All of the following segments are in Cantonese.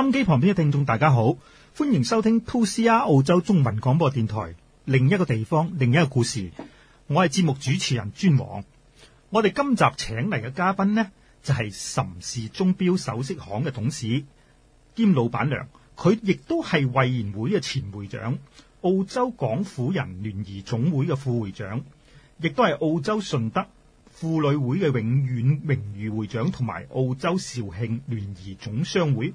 收音機旁邊嘅聽眾大家好，歡迎收聽 2CR 澳洲中文廣播電台，另一個地方，另一個故事。我係節目主持人尊王，我哋今集請嚟嘅嘉賓呢，就係岑氏鐘錶首飾行嘅董事兼老闆娘，佢亦都係委員會嘅前會長，澳洲廣府人聯誼總會嘅副會長，亦都係澳洲順德婦女會嘅永遠名譽會長，同埋澳洲肇慶聯誼總商會。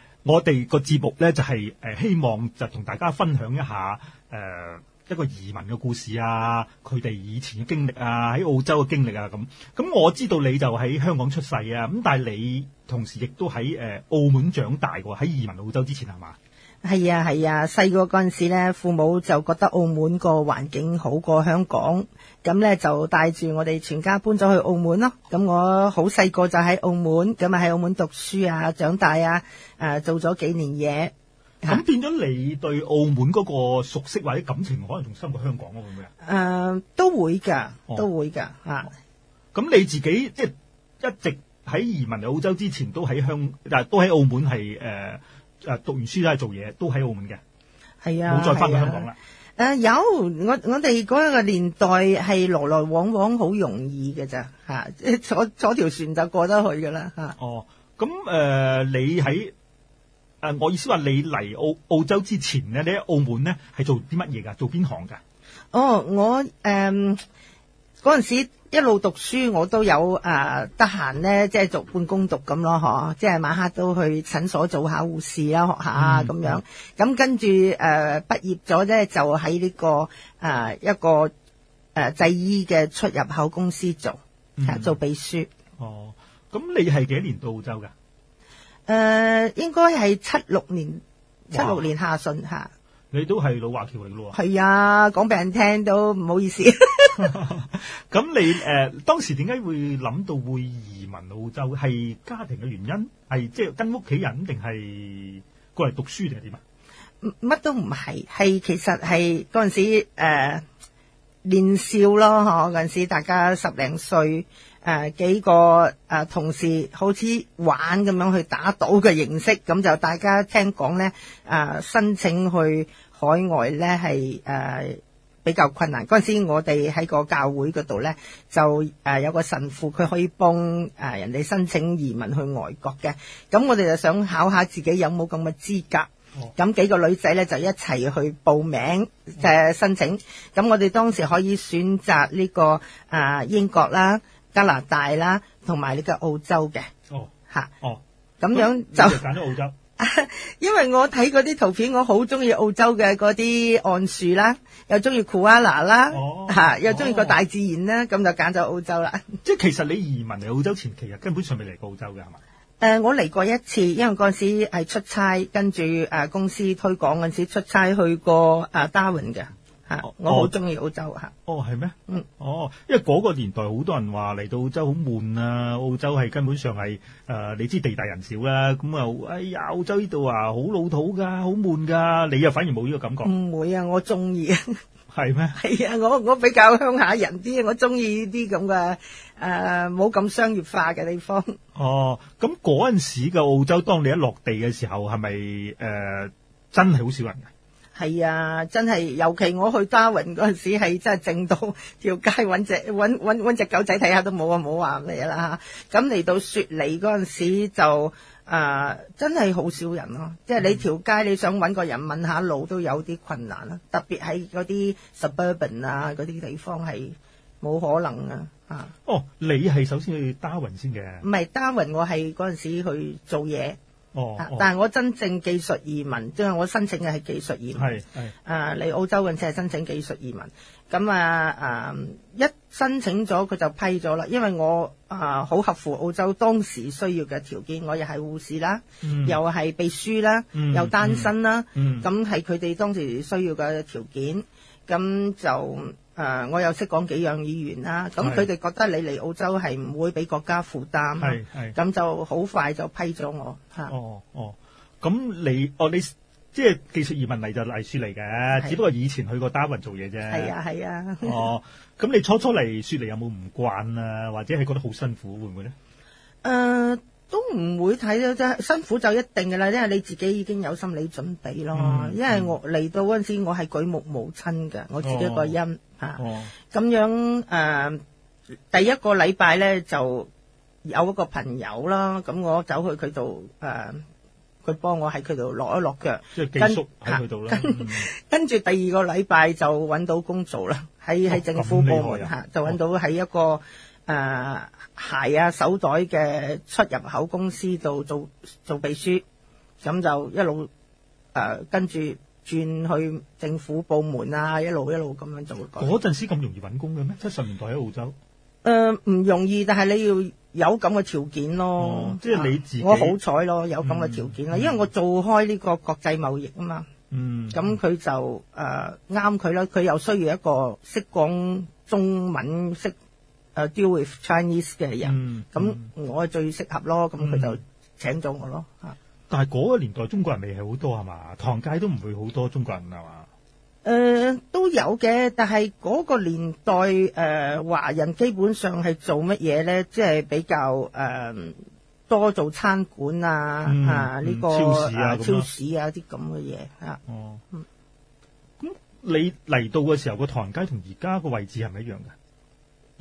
我哋個節目呢，就係誒希望就同大家分享一下誒一個移民嘅故事啊，佢哋以前嘅經歷啊，喺澳洲嘅經歷啊咁。咁我知道你就喺香港出世啊，咁但係你同時亦都喺誒澳門長大過，喺移民澳洲之前係嘛？是係啊係啊，細個嗰陣時咧，父母就覺得澳門個環境好過香港，咁咧就帶住我哋全家搬咗去澳門咯。咁我好細個就喺澳門，咁啊喺澳門讀書啊，長大啊，誒做咗幾年嘢。咁變咗你對澳門嗰個熟悉或者感情，可能仲深過香港咯，會唔會啊？誒，都會噶，都會噶啊。咁你自己即係一直喺移民澳洲之前，都喺香，但係都喺澳門係誒。誒讀完書都係做嘢，都喺澳門嘅，係啊，冇再翻過、啊、香港啦。誒、啊、有，我我哋嗰個年代係來來往往好容易嘅咋，嚇，坐坐條船就過得去嘅啦，嚇。哦，咁誒、呃，你喺誒、呃、我意思話你嚟澳澳洲之前咧，你喺澳門咧係做啲乜嘢噶？做邊行噶？哦，我誒嗰陣時。一路讀書，我都有誒得閒咧，即係做半工讀咁咯，嗬、啊！即係晚黑都去診所做下護士呀、學下咁、嗯、樣。咁跟住誒畢業咗咧，就喺呢、這個誒、呃、一個誒製、呃呃、衣嘅出入口公司做，啊、做秘書。嗯、哦，咁你係幾年到澳洲噶、呃？應該係七六年，七六年下旬嚇。你都係老華僑嚟噶喎？係啊，講俾人聽都唔好意思。咁 你誒、呃、當時點解會諗到會移民澳洲？係家庭嘅原因，係即係跟屋企人定係過嚟讀書定係點啊？乜都唔係，係其實係嗰陣時誒年、呃、少囉。嗰陣時大家十零歲。誒、啊，幾個誒、啊、同事，好似玩咁樣去打賭嘅形式，咁就大家聽講呢誒、啊，申請去海外呢係誒、啊、比較困難。嗰陣時我哋喺個教會嗰度呢，就誒、啊、有個神父，佢可以幫誒、啊、人哋申請移民去外國嘅。咁我哋就想考下自己有冇咁嘅資格。咁幾個女仔呢就一齊去報名誒、啊、申請。咁我哋當時可以選擇呢、這個誒、啊、英國啦。加拿大啦，同埋呢個澳洲嘅，吓，哦，咁、啊哦、樣就揀咗澳洲。因為我睇嗰啲圖片，我好中意澳洲嘅嗰啲桉樹啦，又中意考拉啦，吓、哦啊，又中意個大自然啦，咁、哦、就揀咗澳洲啦、哦。即係其實你移民嚟澳洲前期，其實根本上未嚟過澳洲㗎。係嘛？誒、呃，我嚟過一次，因為嗰陣時係出差，跟住誒公司推廣嗰陣時出差去過 Darwin 嘅。我好中意澳洲吓。哦，係咩？嗯。哦，因為嗰個年代好多人話嚟到澳洲好悶啊，澳洲係根本上係誒，你知地大人少啦。咁啊，哎呀，澳洲呢度啊，好老土噶，好悶噶。你又反而冇呢個感覺？唔會啊，我中意啊。係咩？係啊，我我比較鄉下人啲，我中意呢啲咁嘅誒，冇咁商業化嘅地方。哦，咁嗰陣時嘅澳洲，當你一落地嘅時候，係咪誒真係好少人嘅？係啊，真係尤其我去 Darwin 嗰陣時，係真係靜到條街搵隻揾揾隻狗仔睇下都冇啊，冇話你啦。咁嚟到雪梨嗰陣時就誒、啊、真係好少人咯、啊，即係你條街你想搵個人問下路、嗯、都有啲困難啦，特別喺嗰啲 suburban 啊，嗰啲地方係冇可能啊。哦，你係首先去 Darwin 先嘅？唔係 Darwin，我係嗰陣時去做嘢。哦，但係我真正技術移民，即、就、係、是、我申請嘅係技術移民，誒嚟、呃、澳洲嘅只係申請技術移民，咁啊，誒、啊、一申請咗佢就批咗啦，因為我啊好合乎澳洲當時需要嘅條件，我又係護士啦，嗯、又係秘書啦，嗯、又單身啦，咁係佢哋當時需要嘅條件，咁就。誒，uh, 我又識講幾樣語言啦，咁佢哋覺得你嚟澳洲係唔會俾國家負擔、啊，係咁就好快就批咗我嚇、哦。哦你哦，咁你哦你即係技術移民嚟就嚟雪梨嚟嘅，是只不過以前去過 Darwin 做嘢啫。係啊，係啊。啊哦，咁你初初嚟雪梨嚟有冇唔慣啊？或者係覺得好辛苦會唔會咧？Uh, 都唔會睇到啫，辛苦就一定嘅啦，因為你自己已經有心理準備咯。嗯嗯、因為我嚟到嗰陣時，我係舉目無親嘅，我自己個音吓咁樣、呃、第一個禮拜咧就有一個朋友啦，咁我走去佢度，佢幫我喺佢度落一落腳，即係寄宿喺佢度啦。跟跟住第二個禮拜就揾到工做啦，喺喺政府部門、哦、就揾到喺一個。哦誒、呃，鞋啊，手袋嘅出入口公司度做做秘書，咁就一路誒、呃、跟住轉去政府部門啊，一路一路咁樣做。嗰陣時咁容易搵工嘅咩？七十年代喺澳洲誒，唔、呃、容易，但係你要有咁嘅條件咯。即係、哦就是、你自己，啊、我好彩咯，有咁嘅條件啦，嗯、因為我做開呢個國際貿易啊嘛。嗯，咁佢、嗯、就誒啱佢啦。佢、呃、又需要一個識講中文，識。deal with Chinese 嘅人，咁、嗯、我係最適合、嗯、他咯，咁佢就請咗我咯嚇。但係嗰個年代中國人未係好多係嘛？唐街都唔會好多中國人係嘛、呃？都有嘅，但係嗰個年代誒、呃、華人基本上係做乜嘢咧？即、就、係、是、比較、呃、多做餐館啊，呢個超市啊，啊超市啊啲咁嘅嘢嚇。哦。咁、嗯、你嚟到嘅時候，個唐街同而家個位置係咪一樣嘅？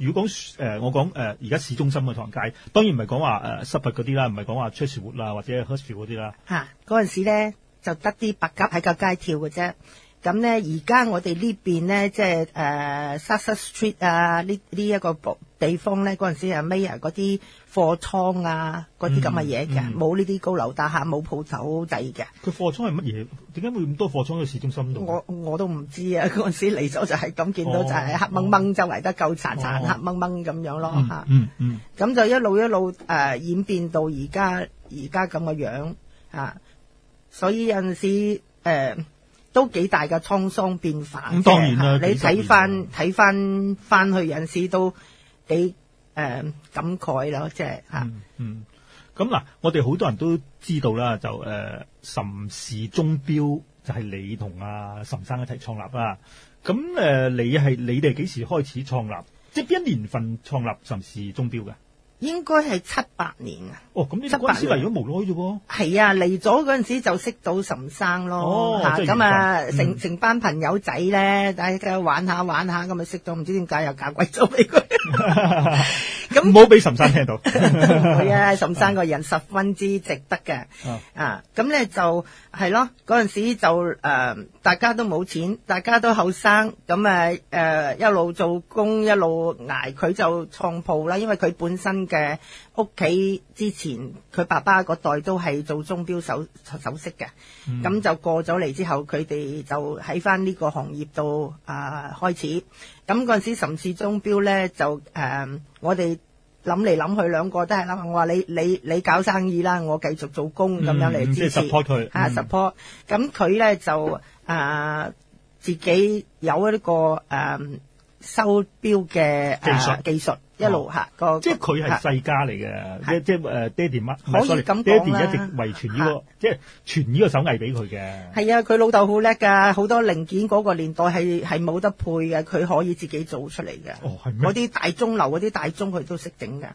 如果講誒、呃，我講誒，而、呃、家市中心嘅唐街，當然唔係講話誒失物嗰啲啦，唔係講話 Chatswood 啊或者 Hurstville 嗰啲啦。嚇，嗰陣時咧就得啲白鴿喺個街跳嘅啫。咁咧而家我哋呢邊咧，即係誒 Sasa Street 啊呢呢一個地方咧，嗰陣時阿 Mayer 嗰啲。貨倉啊，嗰啲咁嘅嘢嘅，冇呢啲高樓大廈，冇鋪頭仔嘅。佢貨倉係乜嘢？點解會咁多貨倉去市中心度？我我都唔知啊！嗰陣時嚟咗就係咁、哦、見到就係黑掹掹周圍得夠殘殘黑掹掹咁樣咯吓，咁、嗯嗯嗯、就一路一路誒、呃、演變到而家而家咁嘅樣吓，、啊、所以有陣時誒、呃、都幾大嘅滄桑變化。咁、嗯、當然啦，你睇翻睇翻翻去有陣時都幾。誒，感慨咯，即係吓。嗯，咁、嗯、嗱，我哋好多人都知道啦，就誒，岑氏鐘錶就係、是、你同阿岑生一齊創立啊。咁誒、呃，你係你哋幾時開始創立？即係邊一年份創立岑氏鐘錶嘅？應該係七八年,、哦、七八年啊！哦，咁呢嗰陣時嚟咗無耐啫喎？係啊，嚟咗嗰陣時就識到岑生咯。哦，真係緣分。咁啊，成、嗯、成班朋友仔咧，大家玩下玩下，咁咪識到。唔知點解又搞鬼咗俾佢。咁唔好俾岑生聽到。係啊、 嗯， 岑生個人十分之值得嘅。啊，咁咧、啊、就係咯，嗰陣時就誒、呃，大家都冇錢，大家都後生，咁啊誒，一路做工一路挨，佢就創鋪啦，因為佢本身。嘅屋企之前佢爸爸嗰代都係做鐘錶手首飾嘅，咁、嗯、就過咗嚟之後，佢哋就喺翻呢個行業度啊、呃、開始。咁陣時，甚至鐘錶咧就誒、呃、我哋諗嚟諗去兩個都係諗話：你「你你你搞生意啦，我繼續做工咁、嗯、樣嚟支持。即係 supp、嗯啊、support 佢啊 support。咁佢咧就誒、呃、自己有一個誒、呃、收表嘅技術、啊。技術。一路嚇、哦、個，即係佢係世家嚟嘅，是即即誒爹哋媽，爹哋是一直遺傳呢、這個，是即係傳呢個手藝俾佢嘅。係啊，佢老豆好叻㗎，好多零件嗰個年代係冇得配嘅，佢可以自己做出嚟嘅。我啲、哦、大鐘樓嗰啲大鐘，佢都識整㗎。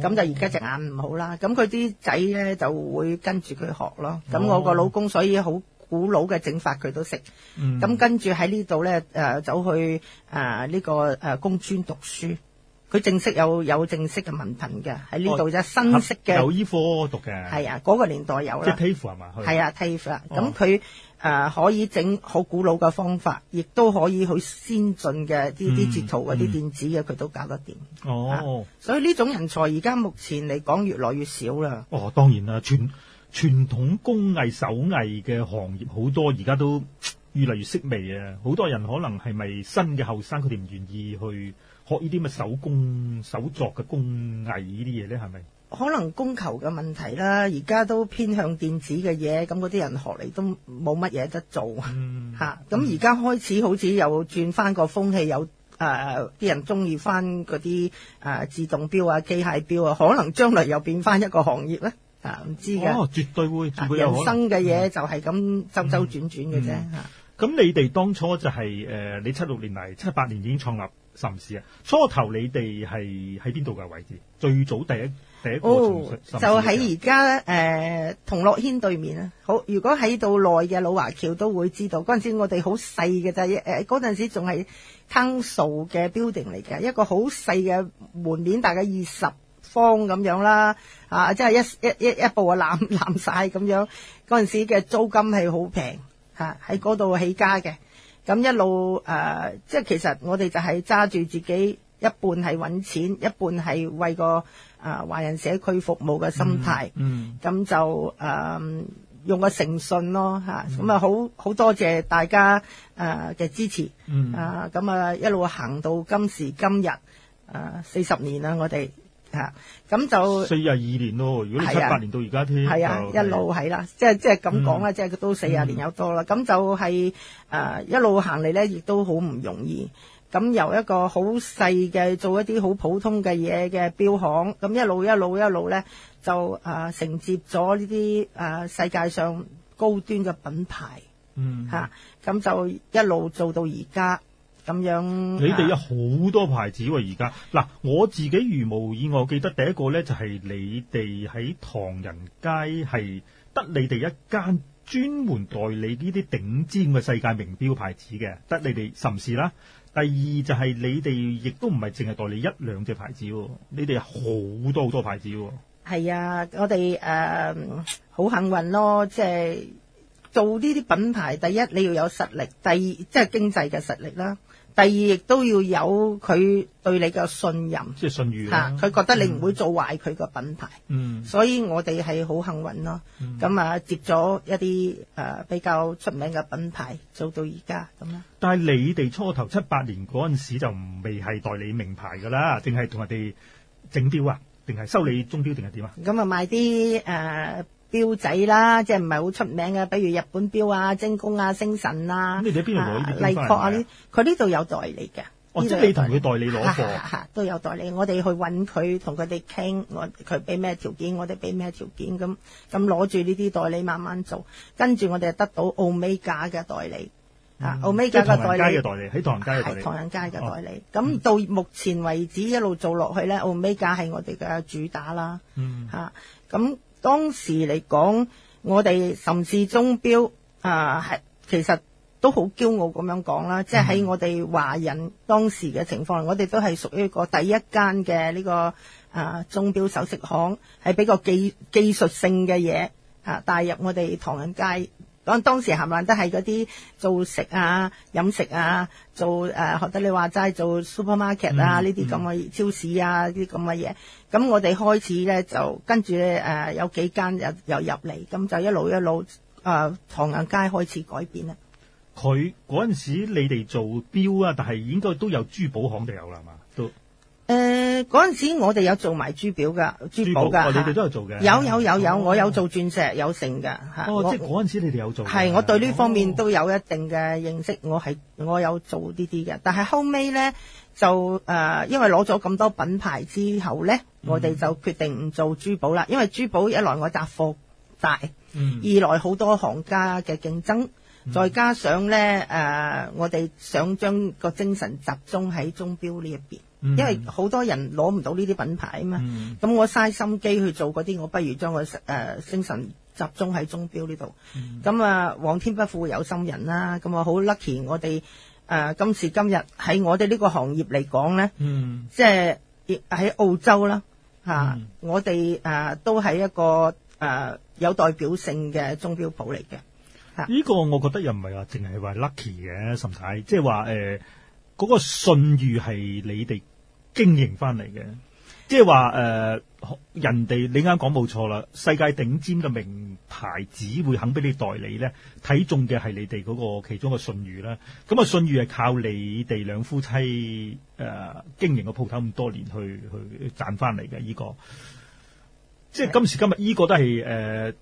咁就而家隻眼唔好啦。咁佢啲仔咧就會跟住佢學咯。咁我個老公所以好古老嘅整法，佢都識。咁跟住喺呢度咧、呃，走去呢、呃這個、呃、公專讀書。佢正式有有正式嘅文憑嘅喺呢度就新式嘅有醫科讀嘅，係啊嗰、那個年代有啦，即係 TAFE 係嘛？係啊，TAFE 啦，咁佢誒可以整好古老嘅方法，亦都、哦、可以好先進嘅啲啲截圖嗰啲、嗯、電子嘅，佢都搞得掂。哦、啊，所以呢種人才而家目前嚟講越來越少啦。哦，當然啦，傳傳,傳統工藝手藝嘅行業好多，而家都越嚟越式微啊！好多人可能係咪新嘅後生佢哋唔願意去？學呢啲咪手工手作嘅工藝呢啲嘢咧，係咪？可能供求嘅問題啦。而家都偏向電子嘅嘢，咁嗰啲人學嚟都冇乜嘢得做吓。咁而家開始好似又轉翻個風氣，有誒啲、呃、人中意翻嗰啲誒自動表啊、機械表啊，可能將來又變翻一個行業咧啊？唔知噶哦，絕對會，絕對有可能。人生嘅嘢就係咁周周轉轉嘅啫吓。咁、嗯嗯啊、你哋當初就係、是、誒、呃，你七六年嚟，七八年已經創立。甚時啊，初頭你哋係喺邊度嘅位置？最早第一第一個，oh, 啊、就喺而家誒，同樂軒對面啊。好，如果喺度內嘅老華僑都會知道，嗰陣時我哋好細嘅啫，誒，嗰陣時仲係 townhouse 嘅 building 嚟嘅，一個好細嘅門面，大概二十方咁樣啦，啊，即係一一一一步就攬攬曬咁樣。嗰陣時嘅租金係好平嚇，喺嗰度起家嘅。咁一路誒，即、呃、係其實我哋就係揸住自己一半係揾錢，一半係為個誒華人社區服務嘅心態。嗯，咁、嗯、就誒、呃、用個誠信咯嚇。咁啊，好好、嗯、多謝大家嘅、呃、支持。嗯啊，咁啊一路行到今時今日誒四十年啦，我哋。嚇，咁就四十二年咯，如果你七、啊、八年到而家添，係啊，就一路係啦，即係即係咁講啦，即係、啊嗯、都四十年有多啦。咁、嗯、就係、是呃、一路行嚟咧，亦都好唔容易。咁由一個好細嘅做一啲好普通嘅嘢嘅錶行，咁一路一路一路咧就誒、呃、承接咗呢啲世界上高端嘅品牌，嗯咁就一路做到而家。咁樣，你哋有好多牌子喎！而家嗱，我自己如無意外，我記得第一個呢就係你哋喺唐人街係得你哋一間專門代理呢啲頂尖嘅世界名錶牌子嘅，得你哋，甚事啦。第二就係你哋亦都唔係淨係代理一兩隻牌子，你哋好多好多牌子喎。係啊，我哋誒好幸運咯，即係做呢啲品牌，第一你要有實力，第二即係經濟嘅實力啦。第二，亦都要有佢對你嘅信任，即係信譽嚇。佢覺得你唔會做壞佢個品牌，嗯，嗯，所以我哋係好幸運咯。咁啊，接咗一啲誒比較出名嘅品牌，做到而家咁咯。但係你哋初頭七八年嗰陣時就未係代理名牌㗎啦，定係同人哋整表啊，定係修理鐘表定係點啊？咁啊，賣啲誒。錶仔啦，即係唔係好出名嘅，比如日本錶啊、精工啊、星辰啊，啊，力確啊，呢佢呢度有代理嘅。哦，即係你同佢嘅代理攞貨，都有代理。我哋去搵佢，同佢哋傾，我佢俾咩條件，我哋俾咩條件，咁咁攞住呢啲代理慢慢做，跟住我哋得到奧美加嘅代理，啊，奧、嗯、美加嘅代理喺唐人街嘅代理，唐代理，唐人街嘅代理。咁、哦、到目前為止一路做落去咧，奧、嗯、美加係我哋嘅主打啦，吓、啊、咁。嗯嗯當時嚟講，我哋甚至鐘錶啊，係其實都好驕傲咁樣講啦，即係喺我哋華人當時嘅情況，我哋都係屬於一個第一間嘅呢個啊鐘錶首飾行，係比較技技術性嘅嘢啊，帶入我哋唐人街。咁當時冚唪唥都係嗰啲做食啊、飲食啊、做誒學得你話齋做 supermarket 啊，呢啲咁嘅超市啊啲咁嘅嘢。咁、嗯、我哋開始咧就跟住咧誒有幾間又又入嚟，咁就一路一路誒、呃、唐人街開始改變啦。佢嗰陣時你哋做表啊，但係應該都有珠寶行就有啦嘛。誒，嗰陣、呃、時我哋有做埋珠寶噶珠寶噶、哦、都有有有有，有有有哦、我有做鑽石有成噶吓。哦，我即係嗰陣時你哋有做係，我對呢方面都有一定嘅認識。哦、我係我有做呢啲嘅，但係後尾咧就誒、呃，因為攞咗咁多品牌之後咧，嗯、我哋就決定唔做珠寶啦。因為珠寶一來我答貨大，嗯、二來好多行家嘅競爭，嗯、再加上咧誒、呃，我哋想將個精神集中喺鐘錶呢一邊。因為好多人攞唔到呢啲品牌啊嘛，咁、嗯、我嘥心機去做嗰啲，我不如將個誒精神集中喺鐘表呢度。咁啊、嗯，皇天不負有心人啦。咁啊，好 lucky，我哋誒今時今日喺我哋呢個行業嚟講咧，嗯、即係喺澳洲啦吓，啊嗯、我哋誒、呃、都係一個誒、呃、有代表性嘅鐘表鋪嚟嘅。呢、啊、個我覺得又唔係話淨係話 lucky 嘅，甚至，即係話誒嗰個信譽係你哋。經營翻嚟嘅，即係話誒，人哋你啱講冇錯啦，世界頂尖嘅名牌只會肯俾你代理咧，睇中嘅係你哋嗰個其中嘅信譽啦。咁啊，信譽係靠你哋兩夫妻誒、呃、經營個鋪頭咁多年去去賺翻嚟嘅，依、這個即係、就是、今時今日，依個都係誒、呃，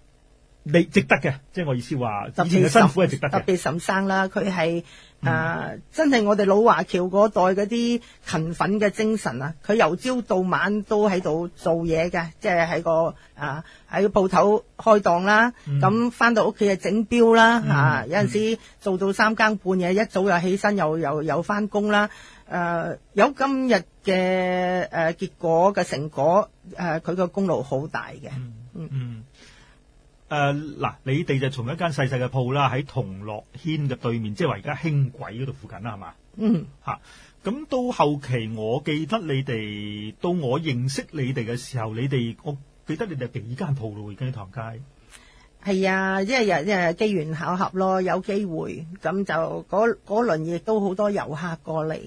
你值得嘅。即、就、係、是、我意思話，以前嘅辛苦係值得嘅。特別沈生啦，佢係。誒、嗯啊，真係我哋老華僑嗰代嗰啲勤奮嘅精神啊！佢由朝到晚都喺度做嘢嘅，即係喺個啊喺鋪頭開檔啦，咁翻、嗯啊、到屋企嘅整表啦，啊嗯嗯、有陣時做到三更半夜，一早又起身又又又翻工啦。誒、啊，有今日嘅誒結果嘅成果，誒佢個功勞好大嘅、嗯。嗯嗯。誒嗱，你哋就從一間細細嘅鋪啦，喺同樂軒嘅對面，即係話而家輕軌嗰度附近啦，係嘛？嗯，嚇。咁到後期，我記得你哋到我認識你哋嘅時候，你哋我記得你哋幾間鋪咯，已經喺唐街。係啊，因為因為機緣巧合咯，有機會咁就嗰嗰輪亦都好多遊客過嚟，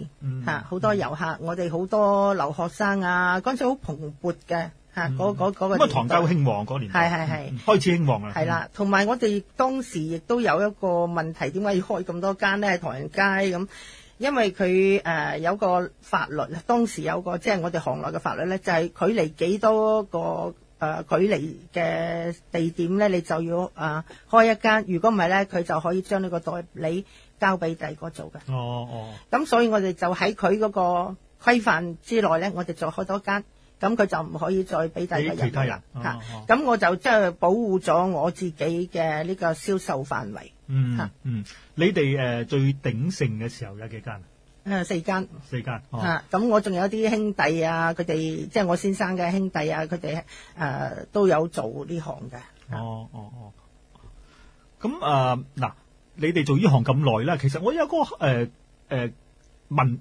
嚇，好多遊客，我哋好多留學生啊，嗰陣時好蓬勃嘅。吓，嗯、個唐街興旺嗰年，係係係開始興旺啦。係啦的，同埋、嗯、我哋當時亦都有一個問題，點解要開咁多間咧？唐人街咁、嗯，因為佢、呃、有個法律，當時有個即係、就是、我哋行內嘅法律咧，就係、是、距離幾多個誒、呃、距離嘅地點咧，你就要、呃、開一間，如果唔係咧，佢就可以將呢個代理交俾第個做嘅。哦哦、嗯，咁所以我哋就喺佢嗰個規範之內咧，我哋就開多間。咁佢就唔可以再俾第其他人嚇，咁是、哦哦、我就即係保護咗我自己嘅呢個銷售範圍。嗯是嗯，你哋誒最鼎盛嘅時候有幾間啊？誒四間。四間嚇，咁、哦、我仲有啲兄弟啊，佢哋即係我先生嘅兄弟啊，佢哋、呃、都有做呢行嘅、哦。哦哦哦，咁誒嗱，你哋做呢行咁耐啦，其實我有個誒誒、呃呃問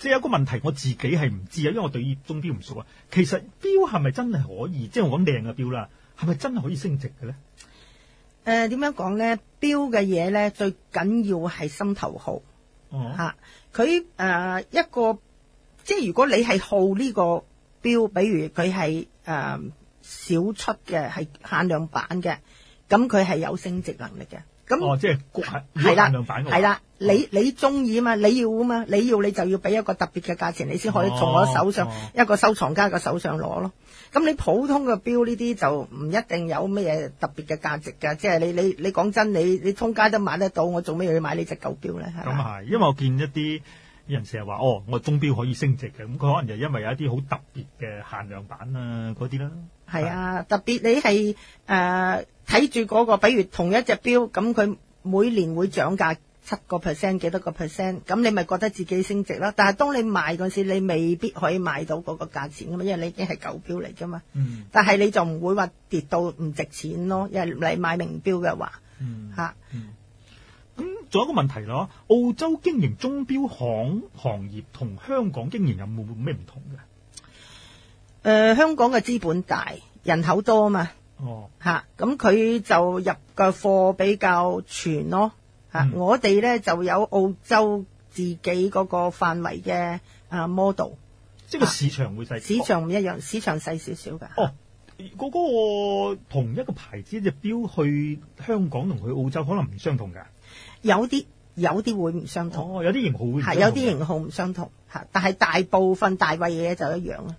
即係有個問題，我自己係唔知啊，因為我對中標唔熟啊。其實標係咪真係可以，即係我講靚嘅標啦，係咪真係可以升值嘅咧？誒、呃，點樣講咧？標嘅嘢咧，最緊要係心頭好。哦，吓、啊，佢誒、呃、一個，即係如果你係好呢個標，比如佢係誒少出嘅，係限量版嘅，咁佢係有升值能力嘅。咁那、哦、即係限量版啦，係啦，你你中意啊嘛，你要啊嘛，你要你就要俾一個特別嘅價錢，你先可以從我手上、哦、一個收藏家嘅手上攞咯。咁你普通嘅表呢啲就唔一定有咩嘢特別嘅價值㗎。即係你你你講真，你你，真你，你通街都買得到，我做咩要買呢隻舊表咧？咁係，因為我見一啲人成日話，哦，我鐘表可以升值嘅，咁、嗯、佢可能就因為有一啲好特別嘅限量版啊，嗰啲啦。係啊的，的特別你係誒。呃睇住嗰個，比如同一隻表，咁佢每年會漲價七個 percent，幾多個 percent，咁你咪覺得自己升值囉。但係當你賣嗰時，你未必可以買到嗰個價錢噶嘛，因為你已經係舊表嚟噶嘛。嗯、但係你就唔會話跌到唔值錢咯，因為你買名表嘅話，吓、嗯。咁、嗯、仲、嗯、有一個問題咯，澳洲經營鐘錶行行業同香港經營有冇咩唔同噶？誒、呃，香港嘅資本大，人口多啊嘛。哦、啊，吓，咁佢就入嘅貨比較全咯，吓、啊，嗯、我哋呢就有澳洲自己嗰個範圍嘅啊 model，即係個市場會細、啊，市場唔一樣，哦、市場細少少噶。哦，嗰、嗰個同一個牌子隻錶去香港同去澳洲可能唔相同噶，有啲有啲會唔相同，哦、有啲型號係有啲型號唔相同，吓，啊、但係大部分大圍嘢就一樣啊。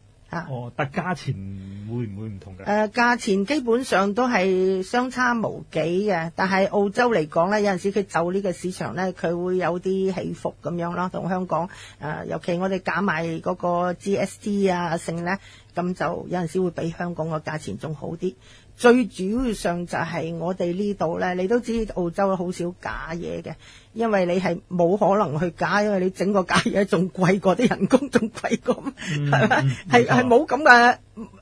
哦，但價錢會唔會唔同嘅？誒、啊，價錢基本上都係相差無幾嘅。但係澳洲嚟講呢，有陣時佢就呢個市場呢，佢會有啲起伏咁樣咯。同香港誒、啊，尤其我哋加埋嗰個 GST 啊，性呢咁就有陣時會比香港個價錢仲好啲。最主要上就係我哋呢度呢，你都知道澳洲好少假嘢嘅。因為你係冇可能去假，因為你整個假嘢仲貴過啲人工，仲貴過，係咪？係，係冇咁嘅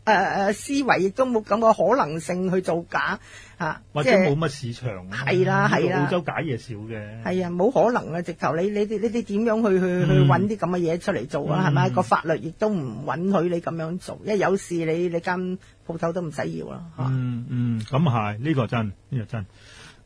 誒誒思維，亦都冇咁嘅可能性去造假吓，或者冇乜市場。係啦係啦，澳洲假嘢少嘅。係啊，冇可能啊！直頭你你你你點樣去去去揾啲咁嘅嘢出嚟做啊？係咪個法律亦都唔允許你咁樣做？因為有事你你間鋪頭都唔使要啦。嗯嗯，咁係呢個真呢個真。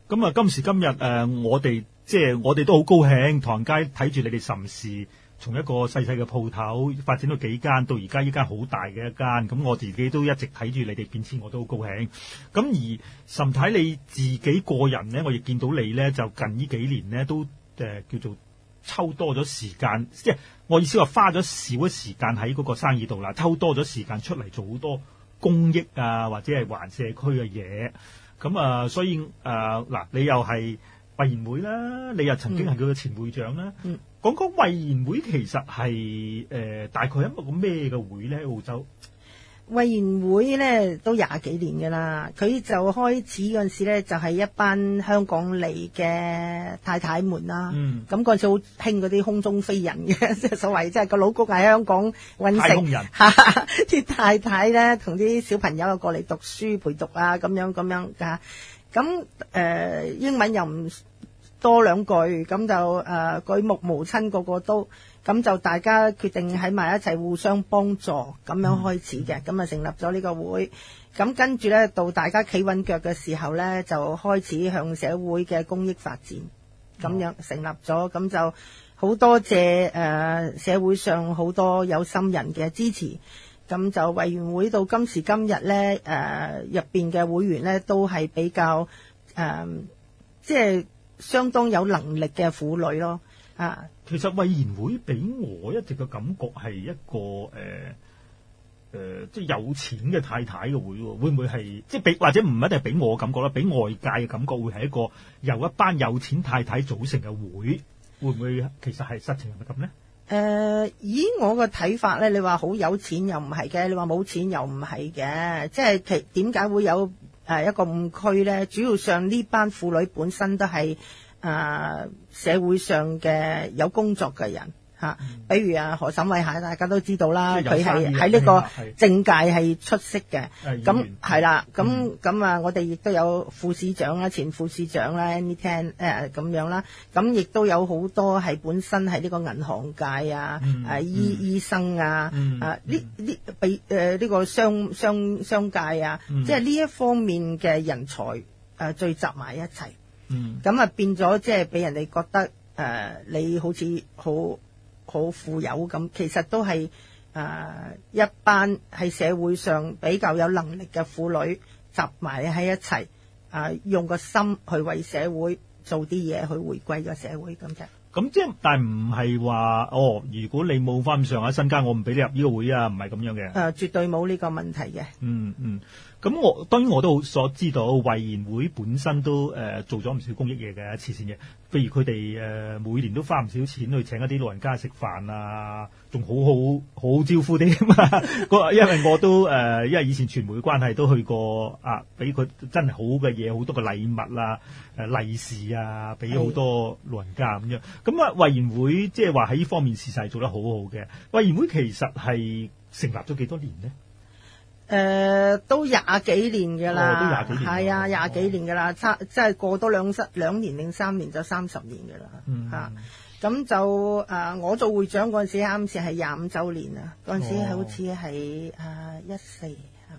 咁啊，今時今日誒，我哋。即係我哋都好高興，唐街睇住你哋，甚至從一個細細嘅鋪頭發展到幾間，到而家依間好大嘅一間。咁我自己都一直睇住你哋變遷，我都好高興。咁而甚睇你自己個人呢，我亦見到你呢，就近呢幾年呢，都、呃、叫做抽多咗時間。即係我意思話，花咗少咗時間喺嗰個生意度啦，抽多咗時間出嚟做好多公益啊，或者係環社區嘅嘢。咁、嗯、啊、呃，所以誒嗱、呃，你又係。會員會啦，你又曾經係佢嘅前會長啦。講講會員會其實係誒、呃，大概一個咩嘅會咧澳洲會員會咧都廿幾年噶啦，佢就開始嗰陣時咧就係一班香港嚟嘅太太們啦。咁嗰陣時好興嗰啲空中飛人嘅，即係所謂即係個老公喺香港揾食，太空人。啲 太太咧同啲小朋友啊過嚟讀書陪讀啊，咁樣咁樣噶。咁、呃、英文又唔多兩句，咁就誒、呃、舉目無親，個個都咁就大家決定喺埋一齊互相幫助咁樣開始嘅，咁啊、嗯、成立咗呢個會，咁跟住呢，到大家企穩腳嘅時候呢，就開始向社會嘅公益發展，咁樣、嗯、成立咗，咁就好多謝誒、呃、社會上好多有心人嘅支持。咁就委員會到今時今日咧，誒、呃，入邊嘅會員咧都係比較誒、呃，即係相當有能力嘅婦女咯，啊。其實委員會俾我一直嘅感覺係一個誒，誒、呃呃，即係有錢嘅太太嘅會，會唔會係即係俾或者唔一定係俾我感覺啦，俾外界嘅感覺會係一個由一班有錢太太組成嘅會，會唔會其實係實情係咪咁咧？誒以、呃、我個睇法咧，你話好有錢又唔係嘅，你話冇錢又唔係嘅，即係其點解會有誒一個誤區咧？主要上呢班婦女本身都係誒、呃、社會上嘅有工作嘅人。啊，比如啊何沈偉下，大家都知道啦，佢係喺呢個政界係出色嘅，咁係啦，咁咁啊，我哋亦都有副市長啦、前副市長啦，any t a n 誒咁樣啦，咁亦都有好多係本身係呢個銀行界啊，誒醫醫生啊，啊呢呢比誒呢個商商商界啊，即係呢一方面嘅人才誒聚集埋一齊，咁啊變咗即係俾人哋覺得誒你好似好好富有咁，其實都係誒、呃、一班喺社會上比較有能力嘅婦女集埋喺一齊、呃，用個心去為社會做啲嘢，去回歸個社會咁啫。咁即係，但唔係話哦？如果你冇翻上下身家，我唔俾你入呢個會啊！唔係咁樣嘅。誒，絕對冇呢個問題嘅。嗯嗯。咁我當然我都所知道，委員會本身都誒、呃、做咗唔少公益嘢嘅慈善嘢，譬如佢哋誒每年都花唔少錢去請一啲老人家食飯啊，仲好好，好好招呼啲啊嘛。 因為我都誒、呃，因為以前傳媒嘅關係都去過啊，俾佢真係好嘅嘢，好多嘅禮物啦、誒利是啊，俾、呃、好、啊、多老人家咁樣。咁啊的，委員會即係話喺呢方面事實係做得好好嘅。委員會其實係成立咗幾多年呢？誒、呃、都廿幾年㗎啦、哦，都廿幾年，係啊，廿幾年㗎喇。哦、即係過多兩兩年定三年就三十年㗎喇。咁、嗯啊、就誒、呃，我做會長嗰陣時，啱先係廿五週年啦。嗰陣時係好似係、哦啊、一四係嘛？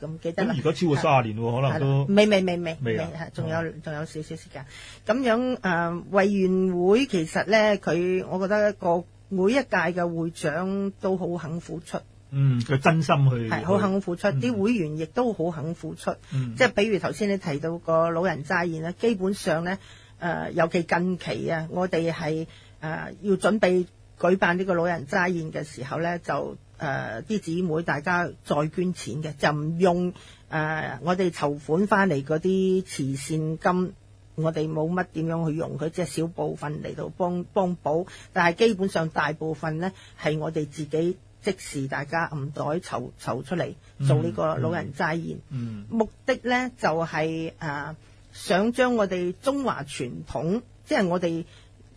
咁、啊、記得啦。咁而家超過三十年喎，是可能都未未未未仲、啊、有仲、哦、有少少時間。咁樣誒、呃，委員會其實呢，佢我覺得一個每一屆嘅會長都好肯付出。嗯，佢真心去係好是去肯付出，啲、嗯、會員亦都好肯付出。嗯、即係比如頭先你提到個老人齋宴咧，嗯、基本上咧，誒、呃，尤其近期啊，我哋係誒要準備舉辦呢個老人齋宴嘅時候咧，就誒啲姊妹大家再捐錢嘅，就唔用誒、呃、我哋籌款翻嚟嗰啲慈善金，我哋冇乜點樣去用佢，即係小部分嚟到幫幫補，但係基本上大部分咧係我哋自己。即時大家唔袋籌籌出嚟做呢個老人齋宴，嗯，嗯、目的咧就係、是、誒、啊，想將我哋中華傳統，即、就、係、是、我哋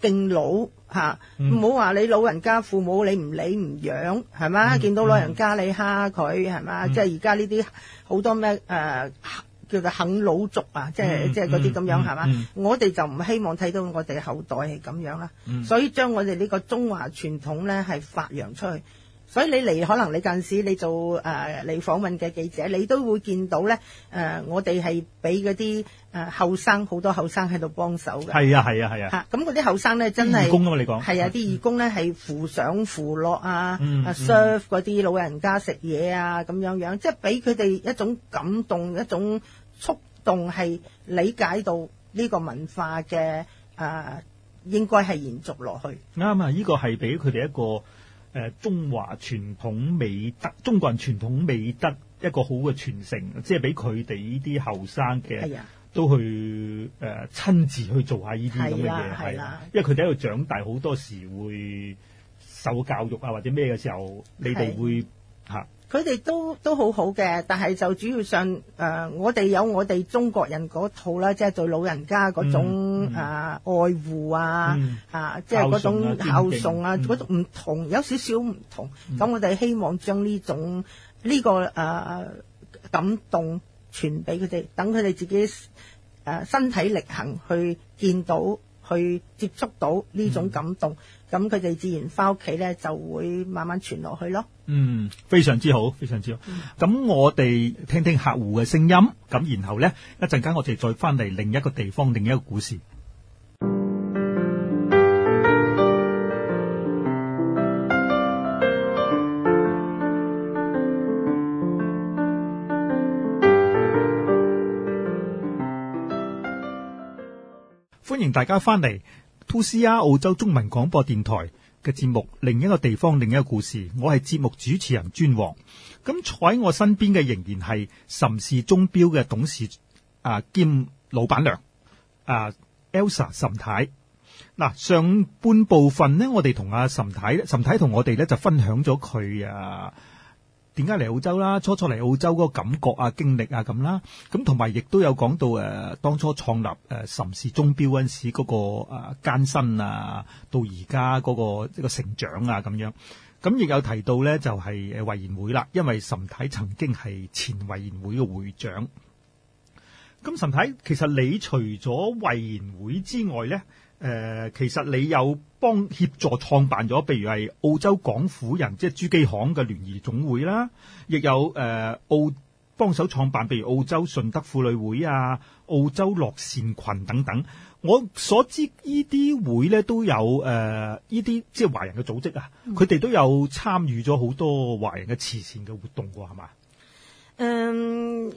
敬老吓，唔好話你老人家父母你唔理唔養係嘛，嗯、見到老人家你蝦佢係嘛，嗯、即係而家呢啲好多咩誒、啊、叫做啃老族啊，嗯、即係即係嗰啲咁樣係嘛，嗯、我哋就唔希望睇到我哋後代係咁樣啦，嗯、所以將我哋呢個中華傳統咧係發揚出去。所以你嚟，可能你近時你做誒嚟、呃、訪問嘅記者，你都會見到咧誒、呃，我哋係俾嗰啲誒後生好多後生喺度幫手嘅。係啊，係啊，係啊。咁嗰啲後生咧真係義工啊嘛！你講係啊，啲義工咧係扶上扶落啊、嗯、serve 嗰啲老人家食嘢啊，咁樣樣，嗯、即係俾佢哋一種感動，一種觸動，係理解到呢個文化嘅誒、呃，應該係延續落去。啱啊！呢、呢個係俾佢哋一個。誒、呃、中華傳統美德，中國人傳統美德一個好嘅傳承，即係俾佢哋呢啲後生嘅係啊、都去誒、呃、親自去做下呢啲咁嘅嘢，係啦、啊啊，因為佢哋喺度長大好多時會受教育啊或者咩嘅時候，你哋會嚇。佢哋都都好好嘅，但係就主要上誒、呃、我哋有我哋中國人嗰套啦，即、就、係、是、對老人家嗰種誒、嗯嗯呃、愛護啊，嚇、嗯，即係嗰種孝順啊，嗰、就是、種唔同，嗯、有少少唔同。咁、嗯、我哋希望將呢種呢、個誒、呃、感動傳俾佢哋，等佢哋自己誒、呃、身體力行去見到。去接觸到呢種感動，咁佢哋自然翻屋企咧就會慢慢傳落去咯。嗯，非常之好，非常之好。咁、嗯、我哋聽聽客戶嘅聲音，咁然後咧一陣間我哋再翻嚟另一個地方，另一個故事。歡迎大家翻嚟 2CR 澳洲中文廣播電台嘅節目《另一個地方，另一個故事》。我係節目主持人尊王，咁坐喺我身邊嘅仍然係岑氏鐘錶嘅董事啊兼老闆娘啊 Elsa 岑太。嗱，上半部分呢，我哋同阿岑太，岑太同我哋咧就分享咗佢啊。點解嚟澳洲啦？初初嚟澳洲嗰個感覺啊、經歷啊咁啦，咁同埋亦都有講到當初創立誒岑氏鐘錶嗰時嗰個誒艱辛啊，到而家嗰個一個成長啊咁樣，咁亦有提到咧就係誒維權會啦，因為岑太曾經係前維權會嘅會長。咁岑太其實你除咗維權會之外咧？呃、其實你有幫協助創辦咗，譬如係澳洲廣府人，即係珠璣行嘅聯誼總會啦，亦有、呃、澳幫手創辦，譬如澳洲順德婦女會啊、澳洲樂善群等等。我所知呢啲會呢都有誒呢啲即係華人嘅組織啊，佢哋、嗯、都有參與咗好多華人嘅慈善嘅活動㗎、啊，係嘛？Um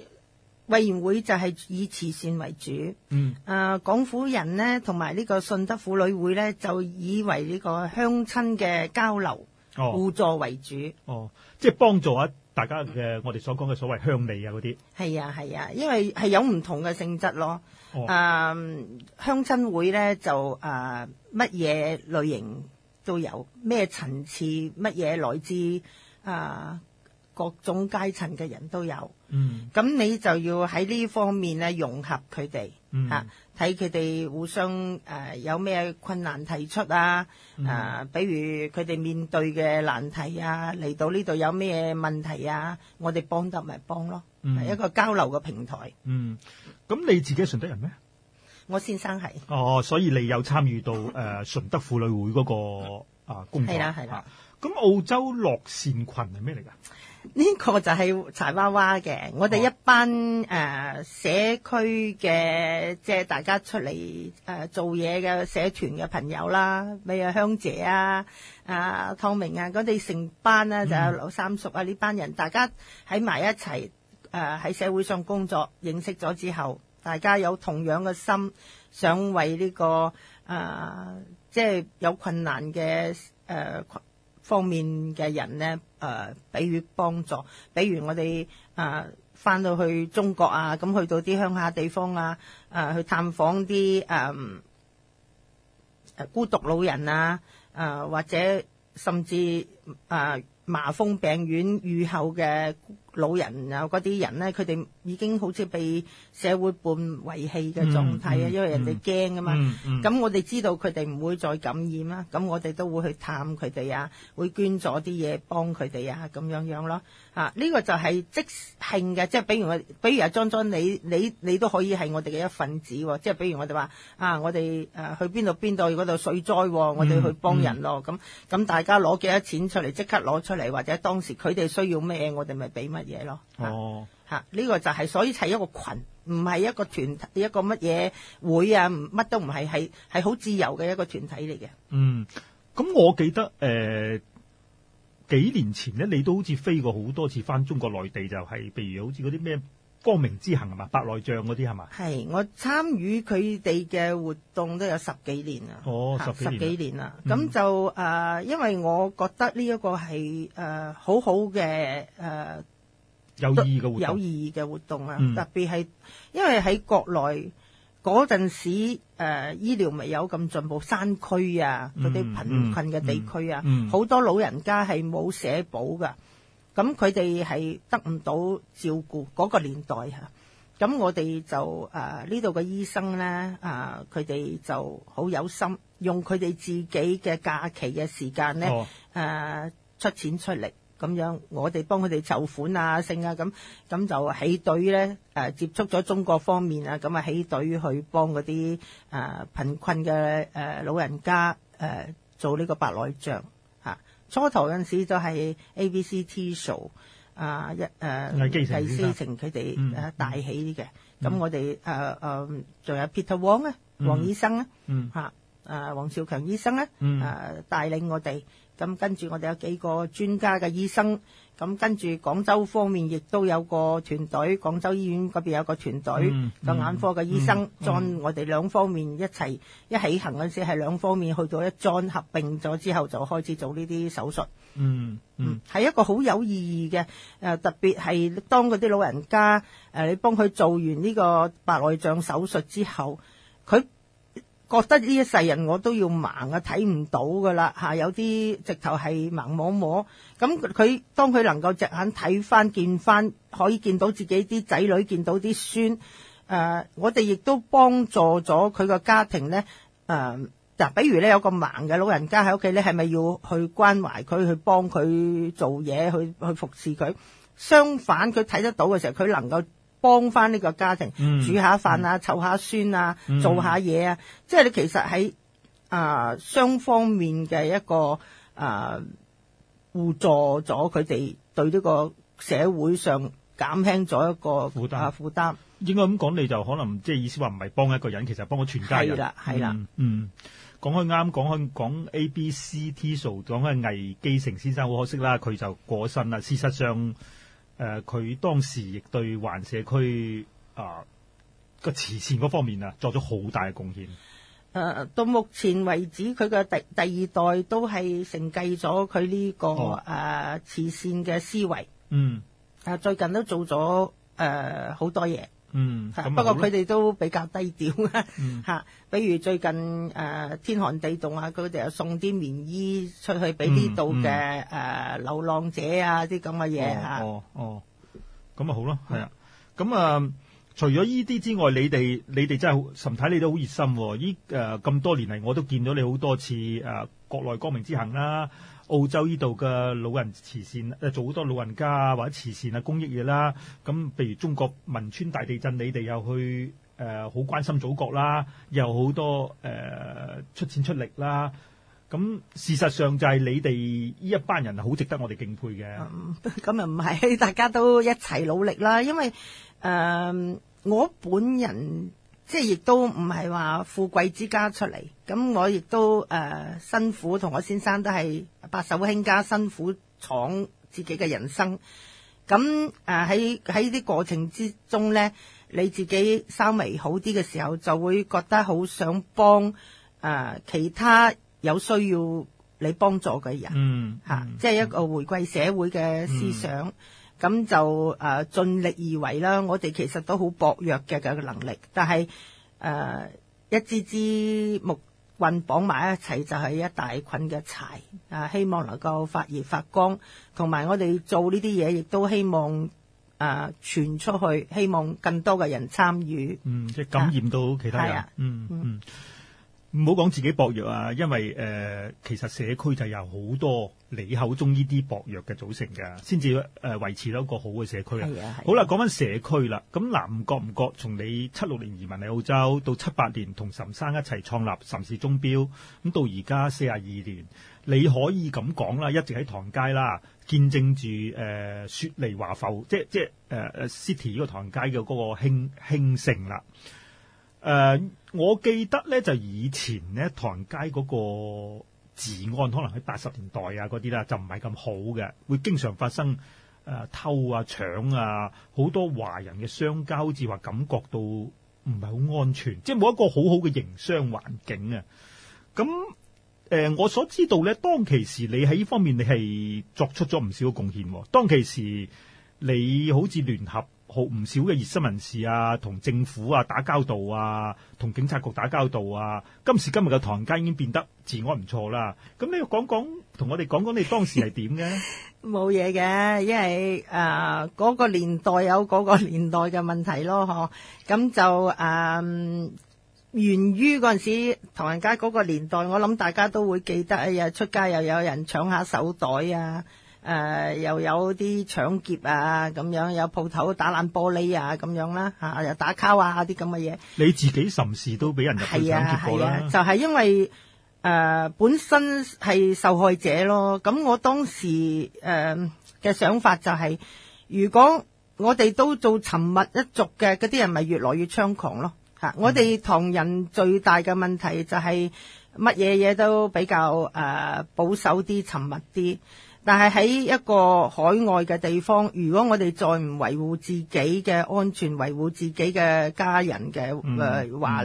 委員會就係以慈善為主，嗯，誒、呃，廣府人呢同埋呢個順德婦女會呢就以為呢個鄉親嘅交流、哦、互助為主，哦，即係幫助啊大家嘅我哋所講嘅所謂鄉里那些、嗯、是啊嗰啲，係呀，係呀，因為係有唔同嘅性質咯，誒、哦，鄉親、呃、會咧就誒乜嘢類型都有，咩層次乜嘢來自誒。呃各種階層嘅人都有，咁、嗯、你就要喺呢方面咧融合佢哋，吓睇佢哋互相誒、呃、有咩困難提出啊，嗯、啊，比如佢哋面對嘅難題啊，嚟到呢度有咩問題啊，我哋幫得咪幫咯，係、嗯、一個交流嘅平台。嗯，咁你自己係順德人咩？我先生係。哦，所以你有參與到誒順、 呃、德婦女會嗰、那個啊工作係啦係啦，咁、啊、澳洲樂善群係咩嚟㗎？呢個就係柴娃娃嘅，我哋一班誒、哦呃、社區嘅，即係大家出嚟誒、呃、做嘢嘅社團嘅朋友啦，咩啊香姐啊、啊湯明啊，我、那、哋、個、成班啊，嗯、就有劉三叔啊呢班人，大家喺埋一齊誒喺社會上工作，認識咗之後，大家有同樣嘅心，想為呢、這個誒、呃、即係有困難嘅誒。呃方面嘅人呢，誒、呃，比如幫助，比如我哋誒翻到去中國啊，咁去到啲鄉下地方啊，誒、呃，去探訪啲誒誒孤獨老人啊，誒、呃，或者甚至誒、呃、麻風病院預後嘅。老人啊啲人咧，佢哋已經好似被社會半遺棄嘅狀態啊，嗯嗯、因為人哋驚啊嘛。咁、嗯嗯、我哋知道佢哋唔會再感染啦，咁我哋都會去探佢哋啊，會捐咗啲嘢幫佢哋啊，咁樣這樣咯。吓、啊、呢、這個就係即興嘅，即係比如我，比如阿莊莊你，你你你都可以係我哋嘅一份子，即係比如我哋話啊，我哋誒去邊度邊度度水災，我哋去幫人咯。咁咁、嗯嗯、大家攞幾多錢出嚟，即刻攞出嚟，或者當時佢哋需要咩，我哋咪俾乜。嘢咯，吓，呢個就係，所以係一個群，唔係一個團，一個乜嘢會啊，乜都唔係，係係好自由嘅一個團體嚟嘅。嗯，咁我記得誒、呃、幾年前咧，你都好似飛過好多次返中國內地、就是，就係譬如好似嗰啲咩光明之行係嘛，白內障嗰啲係嘛？係我參與佢哋嘅活動都有十幾年啦，哦，十幾十幾年啦，咁、嗯、就誒、呃，因為我覺得呢一個係誒、呃、好好嘅誒。呃有意嘅有意義嘅活動啊，特別係因為喺國內嗰陣時，誒、呃、醫療未有咁進步，山區啊，嗰啲貧困嘅地區啊，好、嗯嗯嗯、多老人家係冇社保噶，咁佢哋係得唔到照顧個年代嚇，咁我哋就誒呢度嘅醫生咧，啊佢哋就好有心，用佢哋自己嘅假期嘅時間咧，誒、哦呃、出錢出力。咁樣，我哋幫佢哋籌款啊、剩啊，咁咁就起隊咧。誒、啊，接觸咗中國方面啊，咁啊起隊去幫嗰啲誒貧困嘅誒、啊、老人家誒、啊、做呢個白內障嚇、啊。初頭嗰陣時就係 A Show、啊、B、C、啊、T、Shaw、嗯、啊一誒第四程佢哋誒帶起嘅。咁我哋誒誒仲有 Peter Wong 啊，嗯、黃醫生啊嚇，誒黃兆強醫生咧、啊、誒、嗯啊、帶領我哋。咁跟住我哋有幾個專家嘅醫生，咁跟住廣州方面亦都有個團隊，廣州醫院嗰邊有個團隊，嗯嗯、個眼科嘅醫生，將、嗯嗯、我哋兩方面一齊一起行嗰陣時，係兩方面去到一裝合並咗之後，就開始做呢啲手術、嗯。嗯嗯，係一個好有意義嘅，誒、呃、特別係當嗰啲老人家，誒、呃、你幫佢做完呢個白內障手術之後，佢。覺得呢一世人我都要盲啊，睇唔到㗎啦，有啲直頭係盲摸摸。咁佢當佢能夠隻眼睇翻見翻，可以見到自己啲仔女，見到啲孫。誒、呃，我哋亦都幫助咗佢個家庭咧。誒，嗱，比如咧有個盲嘅老人家喺屋企咧，係咪要去關懷佢，去幫佢做嘢，去去服侍佢？相反，佢睇得到嘅時候，佢能夠。幫翻呢個家庭、嗯、煮下飯啊、湊、嗯、下孫啊、嗯、做下嘢啊，即、就、係、是、你其實喺啊雙方面嘅一個啊、呃、互助咗佢哋，對呢個社會上減輕咗一個負擔啊負擔。應該咁講，你就可能即係、就是、意思話唔係幫一個人，其實幫咗全家人。係啦，係啦、嗯。嗯，講開啱，講開講 A、B、C、T、數，講開魏基成先生，好可惜啦，佢就過身啦。事實上。誒，佢、呃、當時亦對環社區啊個慈善嗰方面啊，作咗好大嘅貢獻。誒、呃，到目前為止，佢嘅第第二代都係承繼咗佢呢個誒、哦呃、慈善嘅思維。嗯。啊，最近都做咗誒好多嘢。嗯，嗯是嗯，不過佢哋都比較低調吓。嗯、比如最近誒、呃、天寒地凍啊，佢哋又送啲棉衣出去俾呢度嘅誒流浪者啊啲咁嘅嘢吓。哦哦，咁啊好咯，係、嗯、啊，咁啊、呃、除咗呢啲之外，你哋你哋真係岑太你都好熱心喎、啊。依誒咁多年嚟，我都見到你好多次誒、呃、國內光明之行啦、啊。澳洲呢度嘅老人慈善，誒做好多老人家或者慈善啊公益嘢啦。咁譬如中國汶川大地震，你哋又去誒好關心祖國啦，又好多誒出錢出力啦。咁事實上就係你哋呢一班人係好值得我哋敬佩嘅。咁又唔係，大家都一齊努力啦。因為誒，我本人。即係亦都唔係話富貴之家出嚟，咁我亦都誒辛苦，同我先生都係白手興家，辛苦闖自己嘅人生。咁誒喺喺啲過程之中咧，你自己稍微好啲嘅時候，就會覺得好想幫誒其他有需要你幫助嘅人，吓、嗯，嗯，即係一個回歸社會嘅思想。咁就誒盡力而為啦，我哋其實都好薄弱嘅嘅能力，但係誒、呃、一支支木棍綁埋一齊就係、是、一大捆嘅柴啊！希望能夠發熱發光，同埋我哋做呢啲嘢，亦都希望誒、呃、傳出去，希望更多嘅人參與，嗯，即係感染到其他人，嗯、啊、嗯。嗯。唔好講自己薄弱啊，因為誒、呃，其實社區就由好多你口中呢啲薄弱嘅組成嘅，先至誒維持到一個好嘅社區啊。好啦，講返社區啦。咁唔覺唔覺，從你七六年移民嚟澳洲，到七八年同岑生一齊創立岑氏鐘錶，咁到而家四十二年，你可以咁講啦，一直喺唐街啦，見證住誒、呃、雪梨華埠，即即誒、呃、City 呢個唐街嘅嗰個興興盛啦。誒、呃，我記得呢，就以前呢，唐人街嗰個治安可能喺八十年代啊，嗰啲啦就唔係咁好嘅，會經常發生誒、呃、偷啊、搶啊，好多華人嘅商家好似話感覺到唔係好安全，即係冇一個好好嘅營商環境啊。咁、呃、我所知道呢，當其時你喺呢方面你係作出咗唔少嘅貢獻啊，當其時你好似聯合好唔少嘅熱心人士啊，同政府啊打交道啊，同警察局打交道啊。今時今日嘅唐人街已經變得治安唔錯啦。咁你要講講，同我哋講講你當時係點嘅？冇嘢嘅，因為誒嗰個年代有嗰個年代嘅問題咯，嗬。咁就誒源於嗰陣時唐人街嗰個年代，我諗大家都會記得，哎呀出街又有人搶下手袋啊！誒、呃，又有啲搶劫啊，咁樣有鋪頭打爛玻璃啊，咁樣啦吓、啊，又打交啊啲咁嘅嘢。你自己甚時都俾人係啊係啊，啊啊啊就係因為誒、呃、本身係受害者咯。咁我當時誒嘅、呃、想法就係、是，如果我哋都做沉默一族嘅嗰啲人，咪越來越猖狂咯吓。嗯、我哋唐人最大嘅問題就係乜嘢嘢都比較誒、呃、保守啲，沉默啲。但係喺一個海外嘅地方，如果我哋再唔維護自己嘅安全，維護自己嘅家人嘅話，話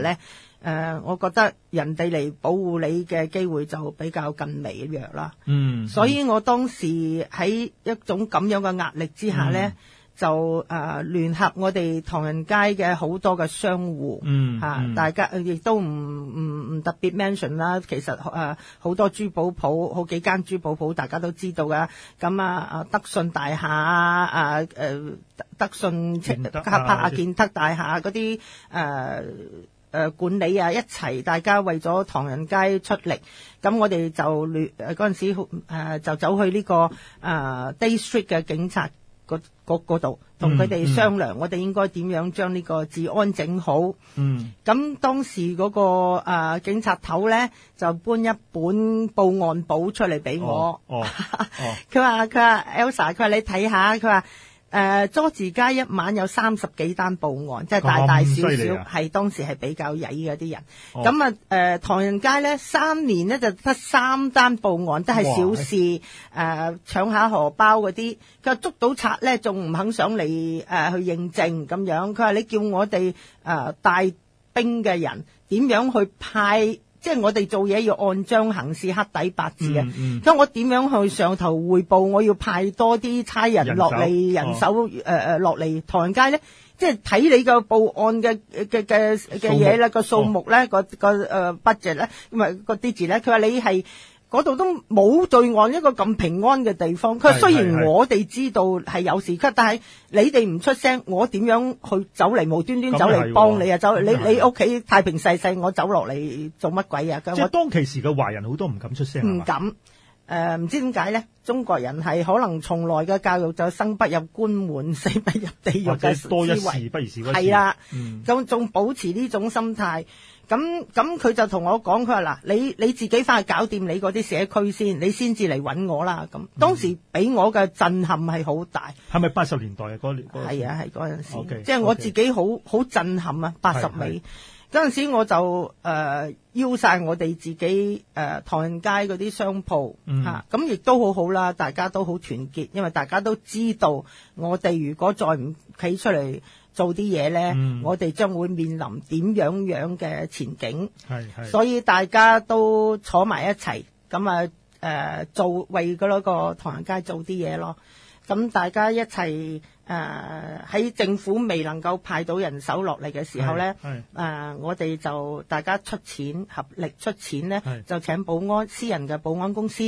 誒，我覺得人哋嚟保護你嘅機會就比較更微弱啦。嗯，所以我當時喺一種咁樣嘅壓力之下呢。嗯就誒、啊、聯合我哋唐人街嘅好多嘅商戶、嗯嗯啊，大家亦都唔唔唔特別 mention 啦。其實誒好、啊、多珠寶鋪，好幾間珠寶鋪大家都知道噶。咁啊啊德信大廈啊德信合拍阿建德大廈嗰啲誒管理啊一齊大家為咗唐人街出力。咁、啊、我哋就聯誒嗰陣時就走去呢、這個誒、啊、Day Street 嘅警察。個嗰度同佢哋商量，我哋應該點樣將呢個治安整好？咁、嗯嗯、當時嗰個誒警察頭咧就搬一本報案簿出嚟俾我，佢話佢話 Elsa，佢話你睇下，佢話。誒，佐治、uh, 街一晚有三十幾單報案，即係大大小小，係、啊、當時係比較曳嗰啲人。咁啊，誒，唐人街咧三年咧就得三單報案，都係小事。誒、oh. 呃，搶下荷包嗰啲，佢捉到賊咧仲唔肯上嚟誒、uh, 去認證咁樣？佢話你叫我哋誒帶兵嘅人點樣去派？即係我哋做嘢要按章行事，黑底白字啊！咁、嗯嗯、我點樣去上頭匯報？我要派多啲差人落嚟，人手誒誒落嚟唐人街咧，即係睇你個報案嘅嘅嘅嘅嘢啦，數目個數目咧，個誒、哦呃、budget 咧，唔係嗰啲字咧，佢話你係。嗰度都冇對岸一個咁平安嘅地方。佢雖然我哋知道係有事嘅，但係你哋唔出聲，我點樣去走嚟無端端走嚟幫你啊？走你你屋企太平細細，我走落嚟做乜鬼啊？即係當其時嘅華人好多唔敢出聲，唔敢。誒、呃、唔知點解咧？中國人係可能從來嘅教育就生不入官門，死不入地獄嘅思維。多一事不如少一事。係啦，咁仲、啊、保持呢種心態。咁咁佢就同我講，佢話嗱，你你自己翻去搞掂你嗰啲社區先，你先至嚟揾我啦。咁當時俾我嘅震撼係好大。係咪八十年代？嗰個年代啊？嗰年係啊，係嗰陣時，okay，即係我自己好好 okay，震撼啊！八十尾嗰陣時，我就誒邀晒我哋自己誒、呃、唐人街嗰啲商鋪吓，咁亦都好好啦，大家都好團結，因為大家都知道我哋如果再唔企出嚟。做啲嘢呢，嗯、我哋將會面臨點樣樣嘅前景，所以大家都坐埋一齊，咁啊誒、呃、做為嗰個唐人街做啲嘢咯。咁大家一齊誒喺政府未能夠派到人手落嚟嘅時候呢，誒、呃、我哋就大家出錢合力出錢呢，是就請保安私人嘅保安公司。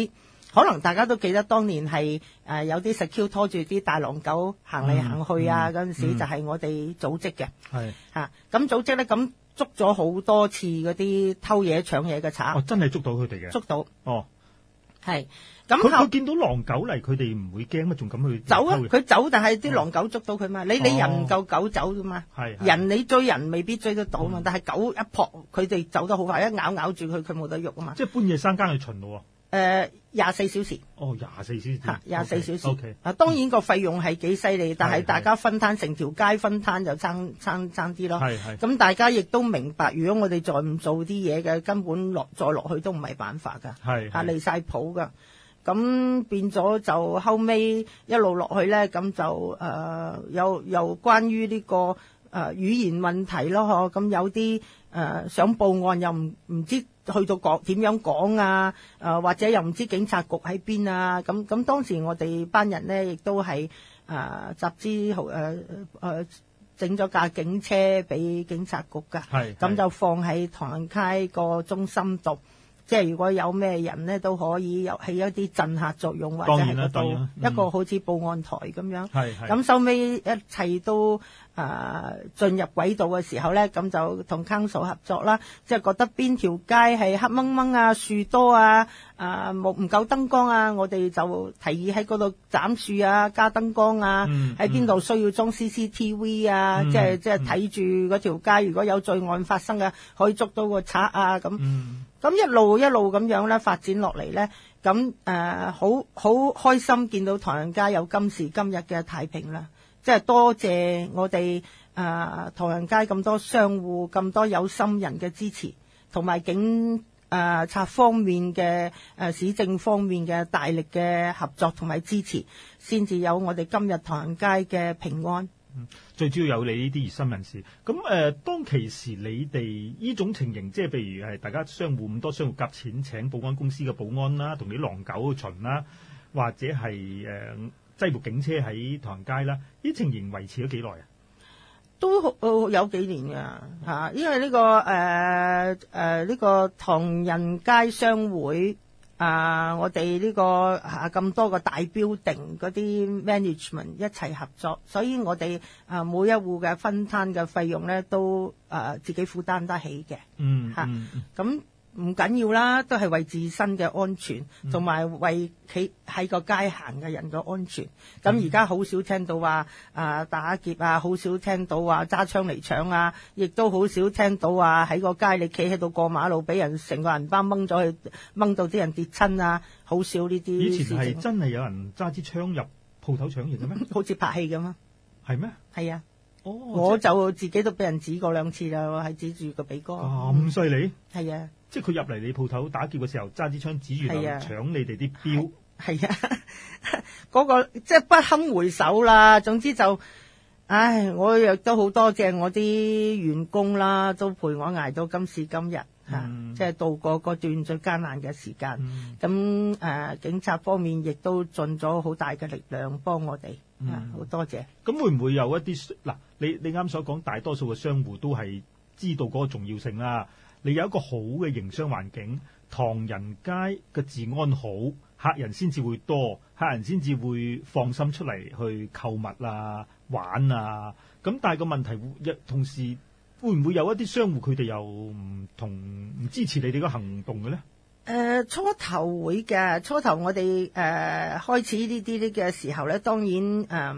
可能大家都記得當年係、呃、有啲 secure 拖住啲大狼狗行嚟行去啊！嗰陣、嗯嗯、時就係我哋組織嘅，咁是、啊、組織咧咁捉咗好多次嗰啲偷嘢搶嘢嘅賊。哦，真係捉到佢哋嘅，捉到哦，係咁。佢佢見到狼狗嚟，佢哋唔會驚嘛？仲敢去走啊？佢走，但係啲狼狗捉到佢嘛？哦、你你人唔夠狗走啫嘛？係、哦、人你追人未必追得到嘛，哦、但係狗一撲，佢哋走得好快，一咬咬住佢，佢冇得喐啊嘛！即係半夜三更去巡邏咯。誒，廿四小時。哦，廿四小時。吓，廿四小時。O K。啊，當然個費用係幾犀利，但係大家分攤，成條街分攤就爭爭爭啲咯。係係。咁大家亦都明白，如果我哋再唔做啲嘢嘅，根本落再落去都唔係辦法噶。係。吓，離晒譜噶。咁變咗就後尾一路落去咧，咁就誒有又關於呢個誒語言問題咯，嗬。咁有啲誒想報案又唔唔知。去到港點樣講啊？誒或者又唔知警察局喺邊啊？咁咁當時，我哋班人咧亦都係誒、呃、集資好誒誒整咗架警車俾警察局㗎，咁就放喺唐人街個中心度。即係如果有咩人咧，都可以有起一啲震嚇作用，或者係嗰度一個好似報案台咁樣。係咁收尾一切都、啊、進入軌道嘅時候咧，咁就同 Council 合作啦。即係覺得邊條街係黑掹掹啊，樹多啊，啊冇唔夠燈光啊，我哋就提議喺嗰度斬樹啊，加燈光啊，喺邊度需要裝 C C T V 啊，嗯嗯、即係即係睇住嗰條街，如果有罪案發生啊，可以捉到個賊啊咁。咁一路一路咁樣咧發展落嚟咧，咁誒，好、呃、好開心見到唐人街有今時今日嘅太平啦，即係多謝我哋誒、呃、唐人街咁多商戶、咁多有心人嘅支持，同埋警誒察方面嘅誒市政方面嘅大力嘅合作同埋支持，先至有我哋今日唐人街嘅平安。嗯，最主要有你呢啲熱心人士咁誒。當其時，你哋呢種情形，即係譬如係大家相互咁多商戶夾錢，請保安公司嘅保安啦，同啲狼狗巡啦，或者係誒擠部警車喺唐街啦，呢情形維持咗幾耐啊？都有幾年嘅吓，因為呢、這個誒誒呢個唐人街商會。啊！我哋呢、這個啊咁多個大標定嗰啲 management 一齊合作，所以我哋啊每一戶嘅分攤嘅費用咧都啊自己負擔得起嘅、啊嗯。嗯，吓咁、啊。唔緊要啦，都係為自身嘅安全，同埋為企喺個街行嘅人嘅安全。咁而家好少聽到話啊打劫啊，好少聽到話揸槍嚟搶啊，亦都好少聽到話喺個街你企喺度過馬路，俾人成個銀包掹咗去，掹到啲人跌親啊，好少呢啲。以前係真係有人揸支槍入鋪頭搶嘢嘅咩？好似拍戲咁啊？係咩？係啊！哦，我就即自己都俾人指過兩次啦，係指住個鼻哥咁犀利？係啊！即係佢入嚟你鋪頭打劫嘅時候，揸支槍指住嚟搶你哋啲錶。係啊，嗰、啊 嗰個即係不堪回首啦。總之就，唉，我亦都好多謝我啲員工啦，都陪我挨到今時今日吓、嗯啊，即係度過個段最艱難嘅時間。咁誒、嗯啊，警察方面亦都盡咗好大嘅力量幫我哋、嗯、啊，好多謝。咁會唔會有一啲嗱、啊？你你啱所講，大多數嘅商戶都係知道嗰個重要性啦。你有一個好嘅營商環境，唐人街嘅治安好，客人先至會多，客人先至會放心出嚟去購物啊、玩啊。咁但係個問題，一同時會唔會有一啲商戶佢哋又唔同唔支持你哋個行動嘅呢？誒、呃、初頭會嘅，初頭我哋誒、呃、開始呢啲啲嘅時候咧，當然誒啲、呃、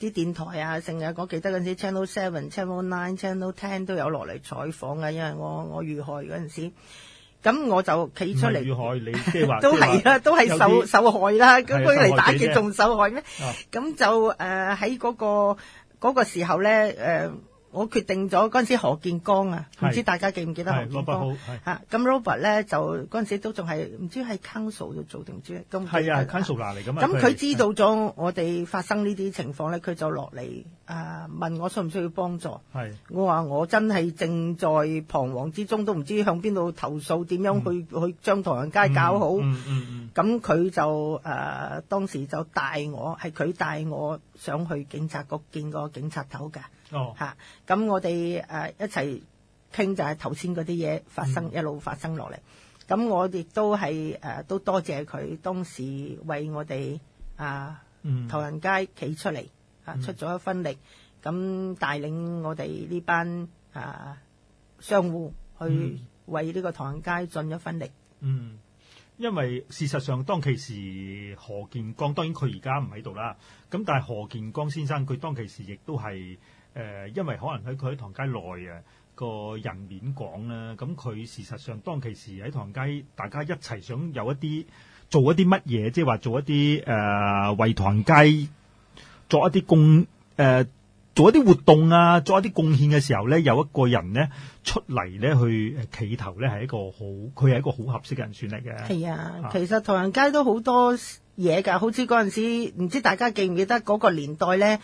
電台啊，成日我記得嗰陣時 channel seven、channel nine、channel ten 都有落嚟採訪嘅，因為我我遇害嗰陣時候，咁我就企出嚟。遇害你即係話都係是啦，都係受些受害啦，咁佢嚟打擊仲受害咩？咁、啊、就誒喺嗰個嗰、嗰個時候咧，誒、呃。我決定咗嗰陣時，何建剛啊，唔知大家記唔記得何建剛咁？Robert 咧就嗰陣時都仲係唔知係 Council 度做定，唔知係啊係 councillor 嚟咁，咁佢知道咗我哋發生呢啲情況咧，佢就落嚟問我需唔需要幫助。係我話我真係正在彷徨之中，都唔知向邊度投訴，點樣去去將唐人街搞好。咁佢就誒當時就帶我係佢帶我想去警察局見個警察頭嘅。哦，嚇咁、啊，我哋誒、啊、一齊傾就係頭先嗰啲嘢發生、嗯、一路發生落嚟。咁我亦、啊、都係誒都多謝佢當時為我哋啊，唐、嗯、人街企出嚟啊，出咗一分力，咁、嗯啊、帶領我哋呢班啊商戶去為呢個唐人街盡一分力。嗯，因為事實上當其時何建剛當然佢而家唔喺度啦。咁但係何建剛先生佢當其時亦都係。誒、呃，因為可能喺佢喺唐街內啊，個人面講啦，咁佢事實上當其時喺唐街，大家一齊想有一啲做一啲乜嘢，即係話做一啲誒、呃、為唐街做一啲共誒做一啲、呃、活動啊，做一啲貢獻嘅時候咧，有一個人咧出嚟咧去企頭咧，係一個好，佢係一個好合適嘅人選嚟嘅。係啊，啊其實唐人街都好多嘢㗎，好似嗰陣時唔知大家記唔記得嗰個年代咧。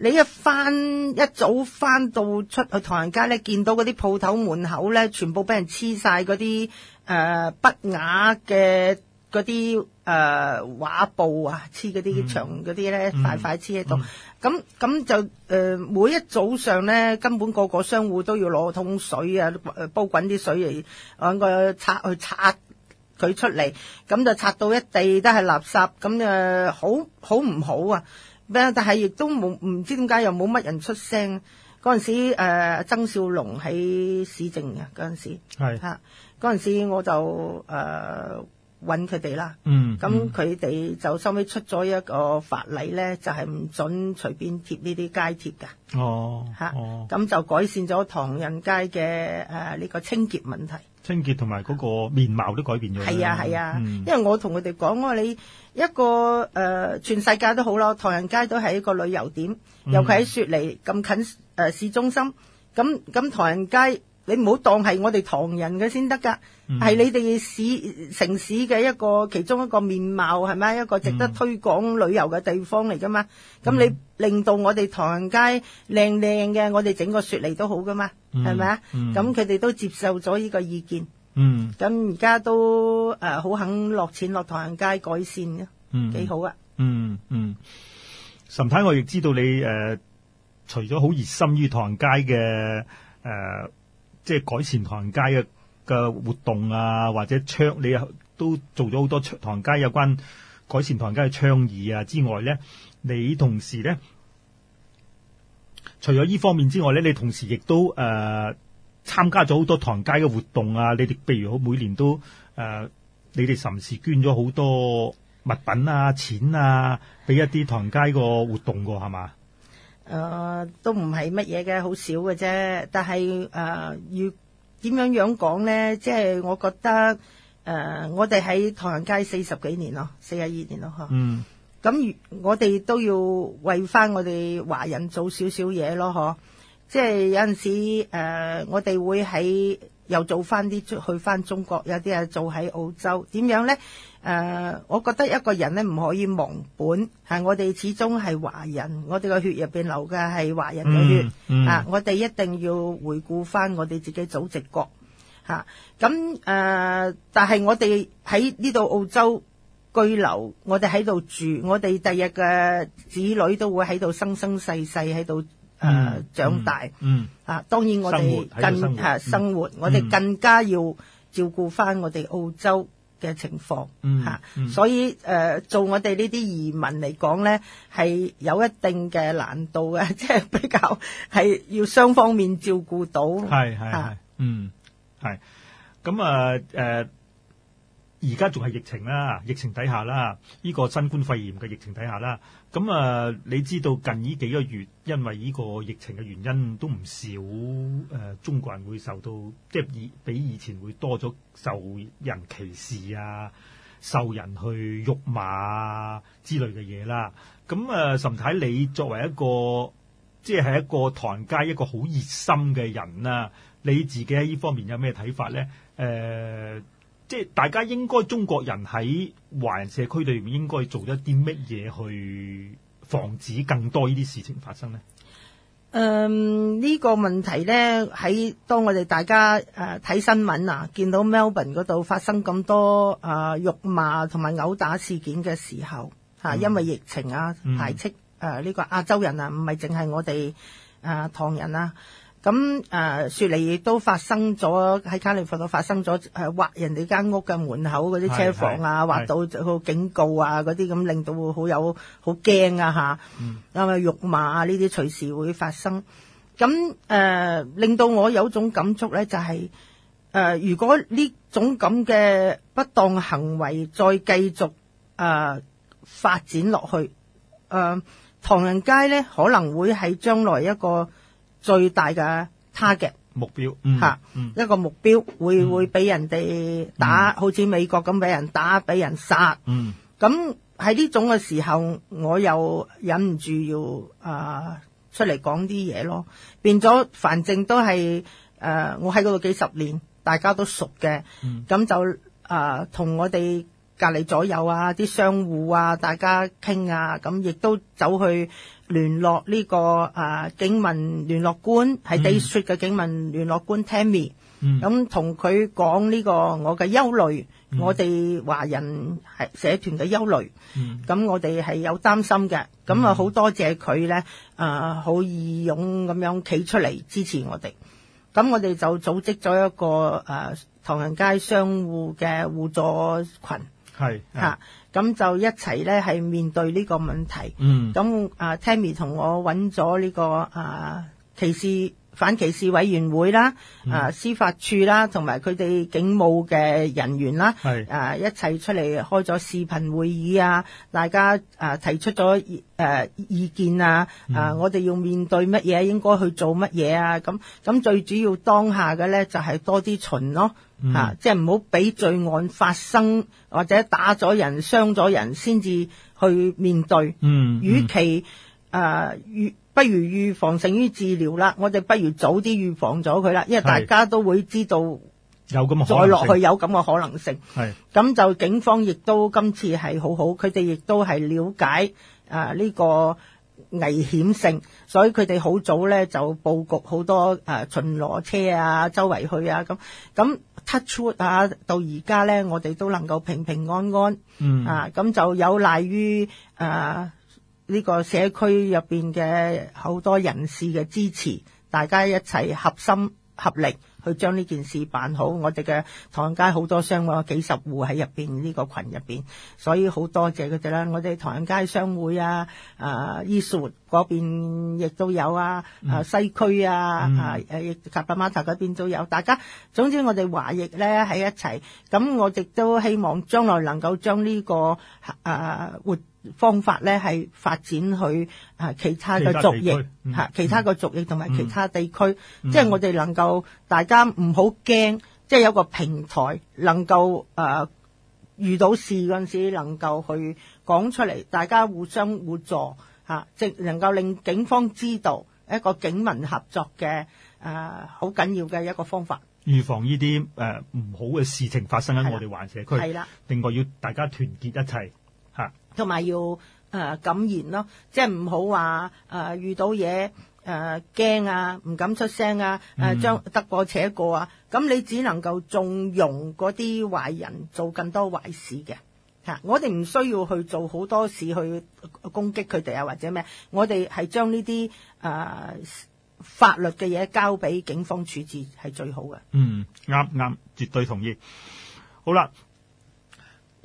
你一翻一早翻到出去唐人街咧，見到嗰啲鋪頭門口咧，全部俾人黐曬嗰啲誒不雅嘅嗰啲誒畫布啊，黐嗰啲牆嗰啲咧塊塊黐喺度。咁咁、嗯嗯、就誒、呃、每一早上咧，根本個個商戶都要攞桶水啊，煲滾啲水嚟揾個拆去拆佢出嚟。咁就拆到一地都係垃圾，咁就好好唔好啊？咩？但係亦都冇，唔知點解又冇乜人出聲。嗰陣時誒曾少龍喺市政那是啊陣時係吓陣時我就誒揾佢哋啦。啊、嗯，咁佢哋就收尾出咗一個法例咧，就係、是、唔准隨便貼呢啲街貼㗎、哦。哦，嚇、啊，咁就改善咗唐人街嘅誒呢個清潔問題。清潔同埋嗰個面貌都改變咗。係啊係啊，因為我同佢哋講，我話你一個誒，全世界都好啦，唐人街都係一個旅遊點，尤其喺雪梨咁近誒市中心，咁咁唐人街。你唔好當係我哋唐人嘅先得㗎，係、嗯、你哋市城市嘅一個其中一個面貌係咪一個值得推廣旅遊嘅地方嚟㗎嘛？咁、嗯、你令到我哋唐人街靚靚嘅，我哋整個雪梨都好㗎嘛？係咪啊？咁佢哋都接受咗呢個意見，咁而家都誒好、呃、肯落錢落唐人街改善嘅，幾、嗯、好啊、嗯！嗯嗯，岑太我亦知道你誒、呃，除咗好熱心於唐人街嘅誒。呃即係改善唐街嘅嘅活動啊，或者倡，你都做咗好多唐街有關改善唐街嘅倡議啊之外咧，你同時咧，除咗依方面之外咧，你同時亦都誒、呃、參加咗好多唐街嘅活動啊！你哋譬如好每年都誒、呃，你哋甚至捐咗好多物品啊、錢啊，俾一啲唐街個活動㗎係嘛？是誒、呃，都唔係乜嘢嘅，好少嘅啫。但係誒、呃，要點樣樣講咧？即係我覺得誒、呃，我哋喺唐人街四十幾年咯，四十二年咯，吓。嗯。咁我哋都要為翻我哋華人做少少嘢咯，吓。即係有陣時誒、呃，我哋會喺又做翻啲去翻中國，有啲啊做喺澳洲，點樣咧？誒，uh, 我覺得一個人咧唔可以忘本吓，我哋始終係華人，我哋個血入邊流嘅係華人嘅血啊！嗯嗯 uh, 我哋一定要回顧翻我哋自己祖籍國吓。咁誒、嗯，uh, 但係我哋喺呢度澳洲居留，我哋喺度住，我哋第日嘅子女都會喺度生生世世喺度誒長大。嗯。啊、嗯，uh, 當然我哋更吓生活，我哋更加要照顧翻我哋澳洲嘅情況、嗯嗯、所以誒、呃、做我哋呢啲移民嚟講咧，係有一定嘅難度嘅，即、就、係、係、比較係要雙方面照顧到。嗯咁啊而家仲係疫情啦，疫情底下啦，呢、呢個新冠肺炎嘅疫情底下啦。咁啊、嗯，你知道近呢幾個月，因為呢個疫情嘅原因都，都唔少誒中國人會受到，即係以比以前會多咗受人歧視啊，受人去辱罵、啊、之類嘅嘢啦。咁、嗯、啊、呃，岑太你作為一個，即係係一個唐街一個好熱心嘅人啦、啊，你自己喺呢方面有咩睇法咧？呃即係大家應該中國人喺華人社區裏面應該做一啲乜嘢去防止更多呢啲事情發生呢？誒呢、嗯呢個問題呢，喺當我哋大家睇、呃、新聞啊，見到 Melbourne 嗰度發生咁多啊、呃、辱罵同埋毆打事件嘅時候，嗯、因為疫情啊排斥呢個亞洲人啊，唔係淨係我哋誒、呃、唐人啊。咁誒、啊，雪梨亦都發生咗喺卡利福度發生咗誒挖人哋間屋嘅門口嗰啲車房啊，挖到好警告啊嗰啲咁，令到會好有好驚啊嚇，有冇辱罵啊呢啲、啊、隨時會發生。咁誒、啊，令到我有種感觸咧，就係、是、誒、啊，如果呢種咁嘅不當行為再繼續誒、啊、發展落去，誒、啊、唐人街咧可能會喺將來一個。最大嘅 target 目標吓，嗯是嗯、一個目標會、嗯、會俾人哋打、嗯、好似美國咁俾人打俾人殺，咁喺呢種嘅時候，我又忍唔住要啊、呃、出嚟講啲嘢咯，變咗反正都係誒、呃、我喺嗰度幾十年，大家都熟嘅，咁、嗯、就啊同、呃、我哋。隔離左右啊！啲商戶啊，大家傾啊，咁亦都走去聯絡呢、這個啊警民聯絡官，係 Day Street 嘅警民聯絡官 Tammy，咁同佢講呢個我嘅憂慮，嗯、我哋華人係社團嘅憂慮，咁、嗯、我哋係有擔心嘅，咁啊好多謝佢咧，啊好義勇咁樣企出嚟支持我哋，咁我哋就組織咗一個誒、啊、唐人街商戶嘅互助群。係吓咁、啊、就一齊咧，係面對呢個問題。咁、嗯、啊，Tammy 同我揾咗呢個啊歧視反歧視委員會啦，嗯、啊司法處啦，同埋佢哋警務嘅人員啦，是啊一齊出嚟開咗視頻會議啊，大家啊提出咗、啊、意見啊，嗯、啊我哋要面對乜嘢，應該去做乜嘢啊？咁咁最主要當下嘅咧，就係、是、多啲巡咯。吓、嗯啊，即係唔好俾罪案發生，或者打咗人、傷咗人先至去面對。嗯，與、嗯、其誒預、呃，不如預防勝於治療啦。我哋不如早啲預防咗佢啦，因為大家都會知道有咁再落去有咁嘅可能性。係咁是就警方亦都今次係好好，佢哋亦都係了解誒呢、呃這個危險性，所以佢哋好早咧就布局好多誒、呃、巡邏車啊，周圍去啊咁咁。Touch wood 啊！到而家咧，我哋都能夠平平安安、嗯、啊，咁就有賴於誒呢個社區入邊嘅好多人士嘅支持，大家一齊合心合力。去將呢件事辦好，我哋嘅唐人街好多商戶，幾十戶喺入面。呢、呢個群入面，所以好多謝佢哋啦。我哋唐人街商會啊，啊 Eastwood 嗰邊亦都有啊，啊，西區啊，嗯、啊，誒，鴨巴馬塔嗰邊都有，大家總之我哋華裔咧喺一齊，咁我亦都希望將來能夠將呢、呢個啊活。方法咧，係發展去其他嘅族裔，其他嘅族裔同埋其他地區，即係我哋能夠大家唔好驚，即係、嗯、有個平台能夠、呃、遇到事嗰陣時能夠去講出嚟，大家互相互助嚇、啊，即能夠令警方知道一個警民合作嘅好緊要嘅一個方法，預防呢啲唔好嘅事情發生喺我哋環社區，係啦，另外要大家團結一齊。同埋要誒、呃、敢言咯，即係唔好話誒遇到嘢誒驚啊，唔敢出聲啊，誒、呃嗯、將得過且過啊，咁你只能夠縱容嗰啲壞人做更多壞事嘅嚇、啊。我哋唔需要去做好多事去攻擊佢哋啊，或者咩？我哋係將呢啲誒法律嘅嘢交俾警方處置係最好嘅。嗯，啱啱，絕對同意。好啦。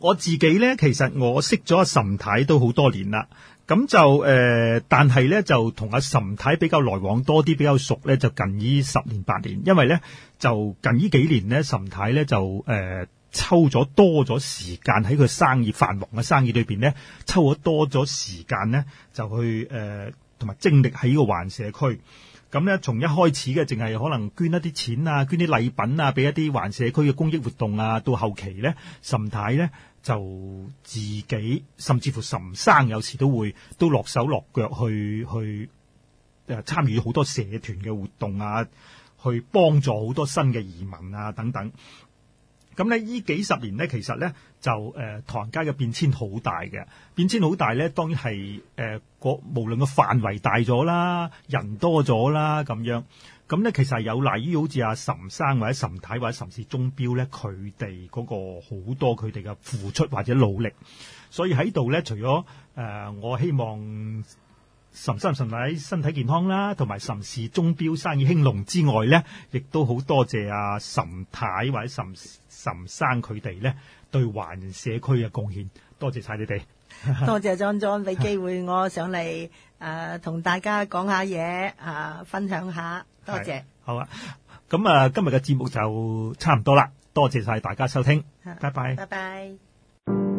我自己呢，其實我識咗阿岑太都好多年啦，咁就誒、呃，但係呢，就同阿岑太比較來往多啲，比較熟呢，就近呢十年八年，因為呢，就近呢幾年呢，岑太呢，就誒、呃、抽咗多咗時間喺佢生意繁忙嘅生意裏邊呢，抽咗多咗時間呢，就去誒同埋精力喺呢個華人社區。咁咧，從一開始嘅，淨係可能捐一啲錢啊，捐啲禮品啊，俾一啲環社區嘅公益活動啊。到後期呢，岑太呢，就自己，甚至乎岑生有時都會都落手落腳去去誒參與好多社團嘅活動啊，去幫助好多新嘅移民啊等等。咁呢呢幾十年呢，其實呢，就誒唐人街嘅變遷好大，嘅變遷好大呢，當然係誒、呃、無論個範圍大咗啦，人多咗啦咁樣。咁呢，其實係有賴於好似阿岑生或者岑太或者岑氏中標呢，佢哋嗰個好多佢哋嘅付出或者努力。所以喺度呢，除咗誒、呃、我希望岑生岑太身體健康啦，同埋岑氏中標生意興隆之外呢，亦都好多謝阿岑太或者岑岑生佢哋咧對華人社區嘅貢獻，多謝曬你哋，多謝莊莊俾機會我上嚟、呃、同大家講下嘢啊、呃，分享下，多謝。好啊，咁啊，今日嘅節目就差唔多啦，多謝曬大家收聽，是拜拜，拜拜。